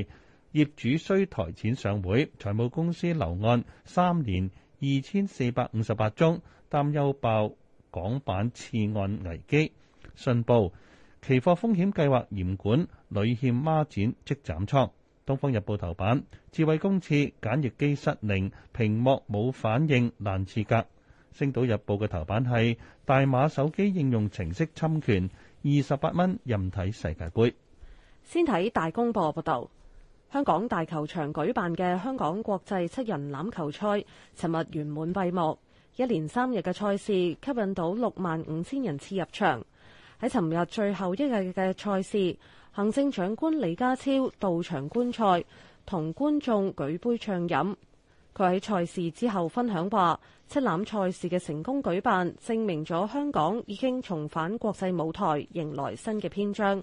業主需抬錢上會，財務公司樓按三年二千四百五十八宗，擔憂爆港版次按危機，《信報》，期貨風險計劃嚴管，屢欠孖展即斬倉。《東方日報》頭版，智慧公廁簡易機失靈，屏幕冇反應，難設格。《星島日報》嘅頭版係大馬手機應用程式侵權，二十八蚊任睇世界盃。先睇大公報報道：香港大球場舉辦嘅香港國際七人欖球賽，尋日圓滿閉幕。一連三日嘅賽事吸引到六萬五千人次入場。喺尋日最後一日嘅賽事，行政長官李家超到場觀賽，同觀眾舉杯暢飲。佢喺賽事之後分享話：七欖賽事嘅成功舉辦，證明咗香港已經重返國際舞台，迎來新嘅篇章。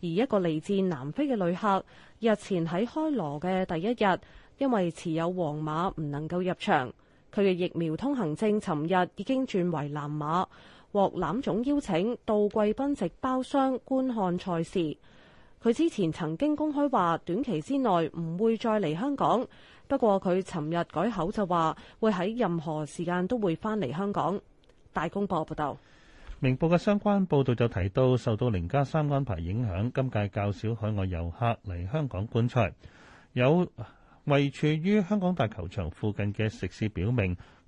而一個嚟自南非嘅旅客，日前喺開羅嘅第一日，因為持有黃碼唔能夠入場，佢嘅疫苗通行證尋日已經轉為藍碼。獲攬總邀請到貴賓席包廂觀看賽事。佢之前曾經公開話，短期之內唔會再嚟香港。不過佢尋日改口就話，會喺任何時間都會翻嚟香港。大公報報道，明報嘅相關報道就提到，受到零加三安排影響，今屆較少海外遊客嚟香港觀賽。有位處於香港大球場附近嘅食肆表明。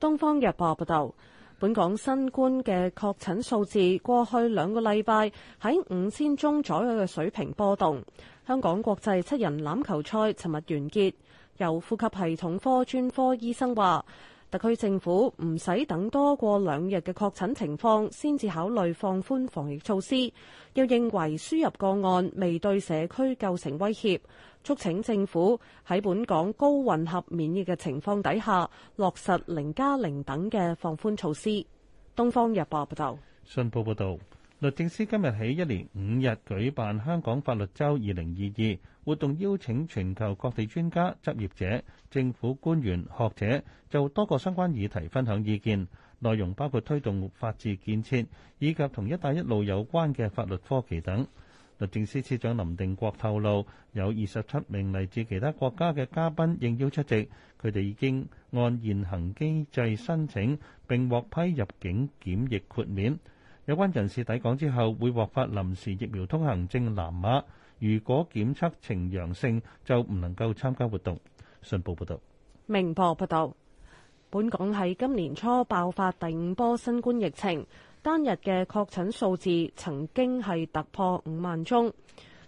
東方日報報道，本港新冠嘅確診數字過去兩個禮拜喺五千宗左右嘅水平波動。香港國際七人欖球賽尋日完結。由呼吸系統科專科醫生話。特區政府唔使等多過兩日嘅確診情況先至考慮放寬防疫措施，又認為輸入個案未對社區構成威脅，促請政府喺本港高混合免疫嘅情況底下落實零加零等嘅放寬措施。東方日報報道，信報報道。律政司今日起一連五日舉辦香港法律周2022活動，邀請全球各地專家、執業者、政府官員、學者就多個相關議題分享意見，內容包括推動法治建設以及同「一帶一路」有關嘅法律科技等。律政司司長林定國透露，有二十七名嚟自其他國家嘅嘉賓應邀出席，佢哋已經按現行機制申請並獲批入境檢疫豁免。有關人士抵港之後會獲發臨時疫苗通行證藍碼，如果檢測呈陽性，就唔能夠參加活動。信報報道。明報報道，本港喺今年初爆發第五波新冠疫情，單日嘅確診數字曾經係突破五萬宗，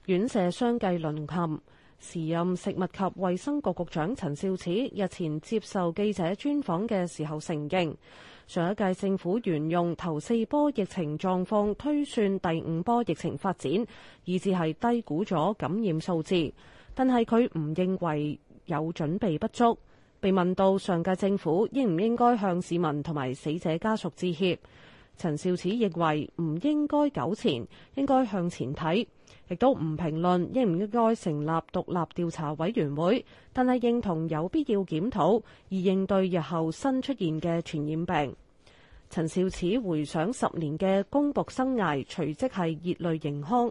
院舍相繼淪陷。時任食物及衛生局局長陳肇始日前接受記者專訪嘅時候承認。上一屆政府沿用頭四波疫情狀況推算第五波疫情發展，以至係低估咗感染數字。但係佢唔認為有準備不足。被問到上屆政府應唔應該向市民同埋死者家屬致歉？陳肇始認為唔應該糾纏，應該向前睇，亦都唔評論應唔應該成立獨立調查委員會，但係認同有必要檢討而應對日後新出現嘅傳染病。陳肇始回想十年嘅公僕生涯，隨即係熱淚盈眶。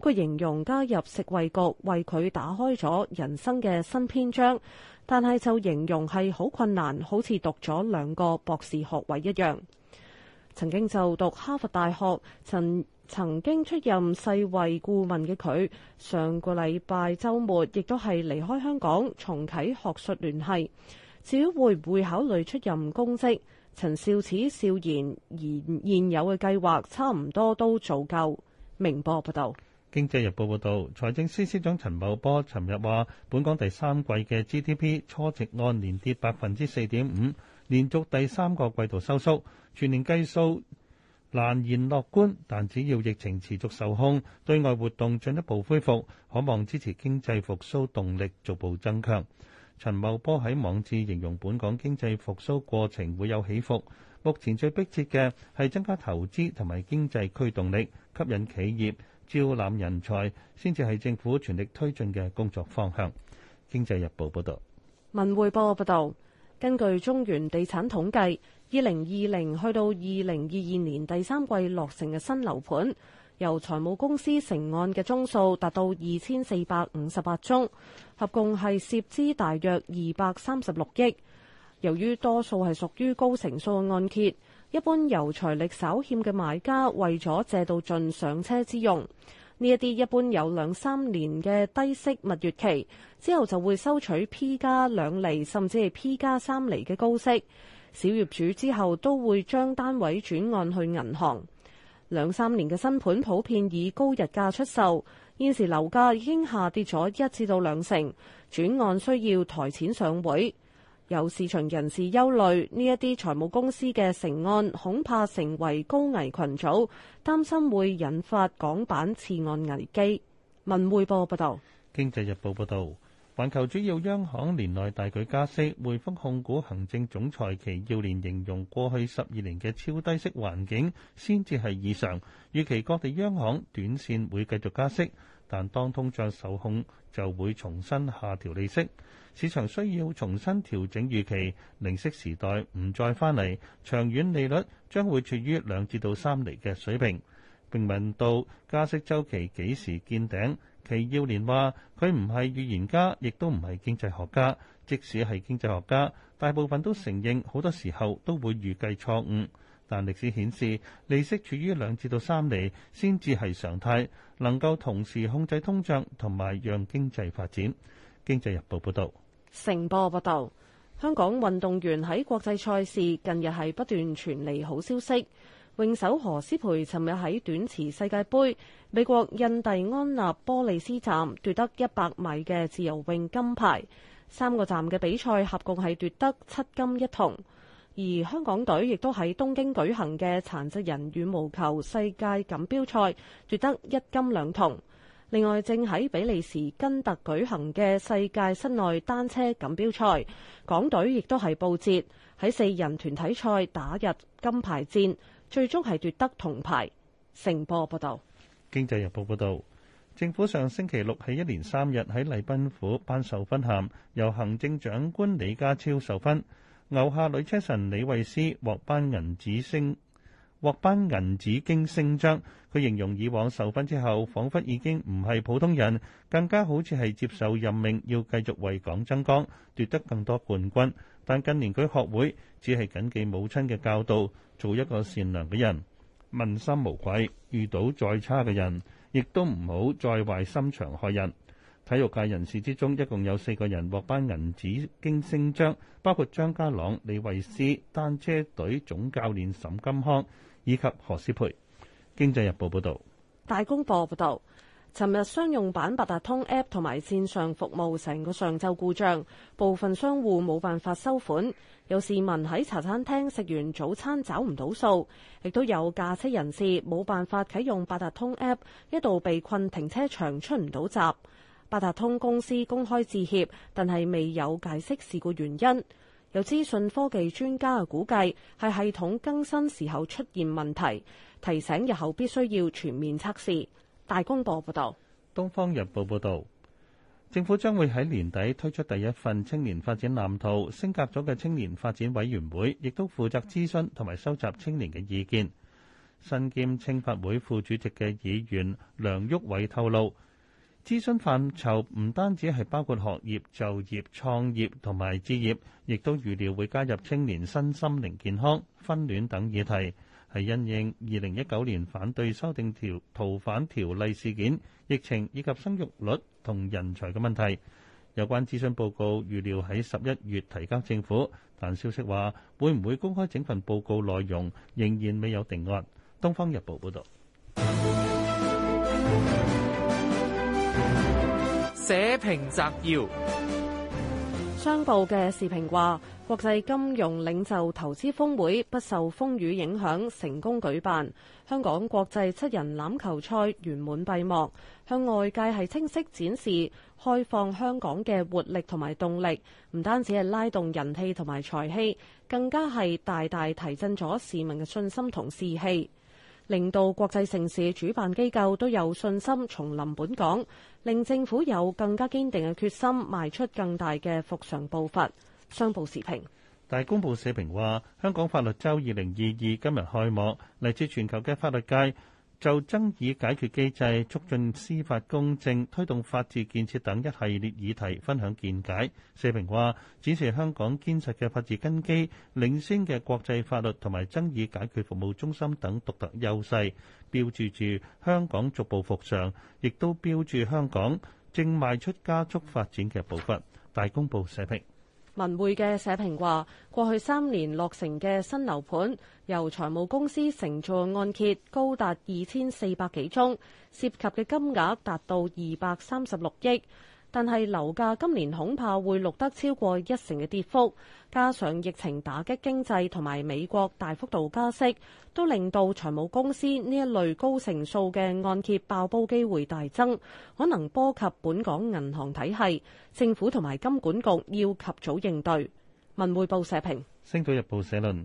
佢形容加入食衛局為佢打開咗人生嘅新篇章，但係就形容係好困難，好似讀咗兩個博士學位一樣。曾經就讀哈佛大學，曾曾經出任世衛顧問嘅佢，上個禮拜週末亦都係離開香港，重啟學術聯繫。至於會唔會考慮出任公職，陳肇始笑言，而現有嘅計劃差唔多都做夠。明報報道，《經濟日報》報道，財政司司長陳茂波尋日話，本港第三季嘅 GDP 初值按年跌百分之四點五。連續第三個季度收縮，全年計數難言樂觀。但只要疫情持續受控，對外活動進一步恢復，可望支持經濟復甦動力逐步增強。陳茂波喺網誌形容，本港經濟復甦過程會有起伏。目前最迫切嘅係增加投資同埋經濟驅動力，吸引企業、招攬人才，先至係政府全力推進嘅工作方向。經濟日報報道，文匯報報道。根據中原地產統計，二零二零去到二零二二年第三季落成嘅新樓盤，由財務公司承按嘅宗數達到二千四百五十八宗，合共係涉資大約二百三十六億。由於多數係屬於高成數嘅按揭，一般由財力稍欠嘅買家為咗借到盡上車之用。呢一啲一般有兩三年嘅低息蜜月期，之後就會收取 P 加兩厘，甚至係 P 加三厘嘅高息。小業主之後都會將單位轉按去銀行。兩三年嘅新盤普遍以高日價出售，現時樓價已經下跌咗一至到兩成，轉按需要抬錢上會。有市場人士憂慮，呢一啲財務公司嘅成案恐怕成為高危群組，擔心會引發港版次案危機。文匯報報道：《經濟日報》報道，環球主要央行年內大舉加息。匯豐控股行政總裁祁耀年形容過去十二年嘅超低息環境先至係異常，預期各地央行短線會繼續加息，但當通脹受控就會重新下調利息。市場需要重新調整預期，零息時代唔再翻嚟，長遠利率將會處於兩至到三厘嘅水平。並問到加息週期幾時見頂？祁耀年話：佢唔係預言家，亦都唔係經濟學家。即使係經濟學家，大部分都承認好多時候都會預計錯誤。但歷史顯示，利息處於兩至到三厘先至係常態，能夠同時控制通脹同埋讓經濟發展。經濟日報報導。成波報道，香港運動員喺國際賽事近日係不斷傳嚟好消息。泳手何詩蓓尋日喺短池世界杯美國印第安納波利斯站奪得一百米嘅自由泳金牌，三個站嘅比賽合共係奪得七金一銅。而香港隊亦都喺東京舉行嘅殘疾人羽毛球世界錦標賽奪得一金兩銅。另外，正喺比利時根特舉行嘅世界室內單車錦標賽，港隊亦都係報捷，喺四人團體賽打入金牌戰，最終係奪得銅牌。成報報道：《經濟日報》報道，政府上星期六喺一連三日喺禮賓府頒授勳銜，由行政長官李家超授勳，牛下女車神李慧詩獲頒銀紫星。獲頒銀紫荊星章，佢形容以往受勳之後，仿佛已經唔係普通人，更加好似係接受任命，要繼續為港爭光，奪得更多冠軍。但近年佢學會，只係緊記母親嘅教導，做一個善良嘅人，問心無愧。遇到再差嘅人，亦都唔好再壞心腸害人。體育界人士之中，一共有四個人獲頒銀紫荊星章，包括張家朗、李慧詩、單車隊總教練沈金康。以及何思培，《經濟日報》報道，《大公報》報道尋日商用版八達通 App 同埋線上服務成個上晝故障，部分商戶冇辦法收款，有市民喺茶餐廳食完早餐找唔到數，亦都有駕車人士冇辦法啟用八達通 App，一度被困停車場出唔到閘。八達通公司公開致歉，但係未有解釋事故原因。有資訊科技專家嘅估計，係系統更新時候出現問題，提醒日後必須要全面測試。大公報報道，《東方日報》報道，政府將會喺年底推出第一份青年發展藍圖，升格咗嘅青年發展委員會亦都負責諮詢同埋收集青年嘅意見。身兼青發會副主席嘅議員梁毓偉透露。諮詢範疇唔單止係包括學業、就業、創業同埋置業，亦都預料會加入青年身心靈健康、婚戀等議題，係因應2019年反對修訂條逃犯條例事件、疫情以及生育率同人才嘅問題。有關諮詢報告預料喺十一月提交政府，但消息話會唔會公開整份報告內容，仍然未有定案。《東方日報》報導。社評摘要，商報嘅視頻話：國際金融領袖投資峰會不受風雨影響，成功舉辦；香港國際七人欖球賽圓滿閉幕，向外界係清晰展示開放香港嘅活力同埋動力。唔單止係拉動人氣同埋財氣，更加係大大提振咗市民嘅信心同士氣，令到國際城市主辦機構都有信心重臨本港。令政府有更加堅定嘅決心，邁出更大嘅復常步伐。商報時評，大公報社評話：香港法律周二零二二今日開幕，嚟自全球嘅法律界就爭議解決機制、促進司法公正、推動法治建設等一系列議題分享見解。社評話，展示香港堅實嘅法治根基、領先嘅國際法律同埋爭議解決服務中心等獨特優勢，標注住香港逐步復常，亦都標注香港正邁出加速發展嘅步伐。大公報社評。文匯嘅社評話：過去三年落成嘅新樓盤，由財務公司承做按揭，高達二千四百幾宗，涉及嘅金額達到二百三十六億。但係樓價今年恐怕會錄得超過一成嘅跌幅，加上疫情打擊經濟同埋美國大幅度加息，都令到財務公司呢一類高成數嘅按揭爆煲機會大增，可能波及本港銀行體系，政府同埋金管局要及早應對。文匯報社評，《星島日報》社論。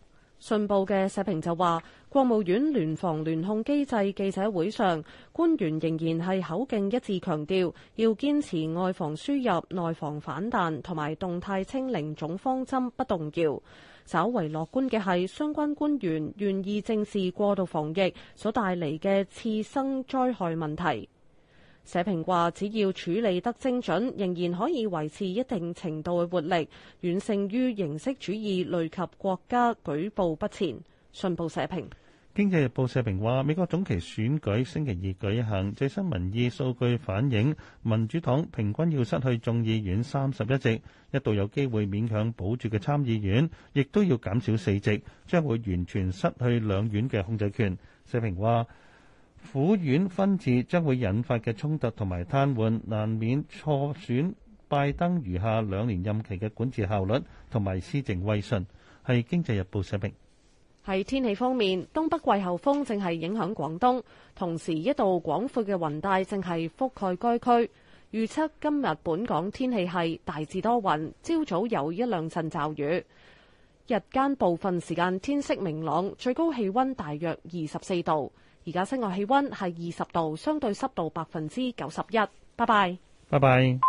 信報嘅社評就話，國務院聯防聯控機制記者會上，官員仍然係口徑一致強調，要堅持外防輸入、內防反彈同埋動態清零總方針不動搖。稍為樂觀嘅係，相關官員願意正視過度防疫所帶嚟嘅次生災害問題。社評話，只要處理得精準，仍然可以維持一定程度嘅活力，遠勝於形式主義累及國家舉步不前。信報社評，《經濟日報》社評話，美國中期選舉星期二舉行，最新民意數據反映民主黨平均要失去眾議院三十一席，一度有機會勉強保住嘅參議院，亦都要減少四席，將會完全失去兩院嘅控制權。社評話。府院分治將會引發嘅衝突同埋癱瘓，難免錯損拜登餘下兩年任期嘅管治效率同埋施政威信，係《經濟日報》寫明。喺天氣方面，東北季候風正係影響廣東，同時一道廣闊嘅雲帶正係覆蓋該區。預測今日本港天氣係大致多雲，朝早有一兩陣驟雨，日間部分時間天色明朗，最高氣温大約二十四度。而家室外氣溫係二十度，相對濕度百分之九十一。拜拜。拜拜。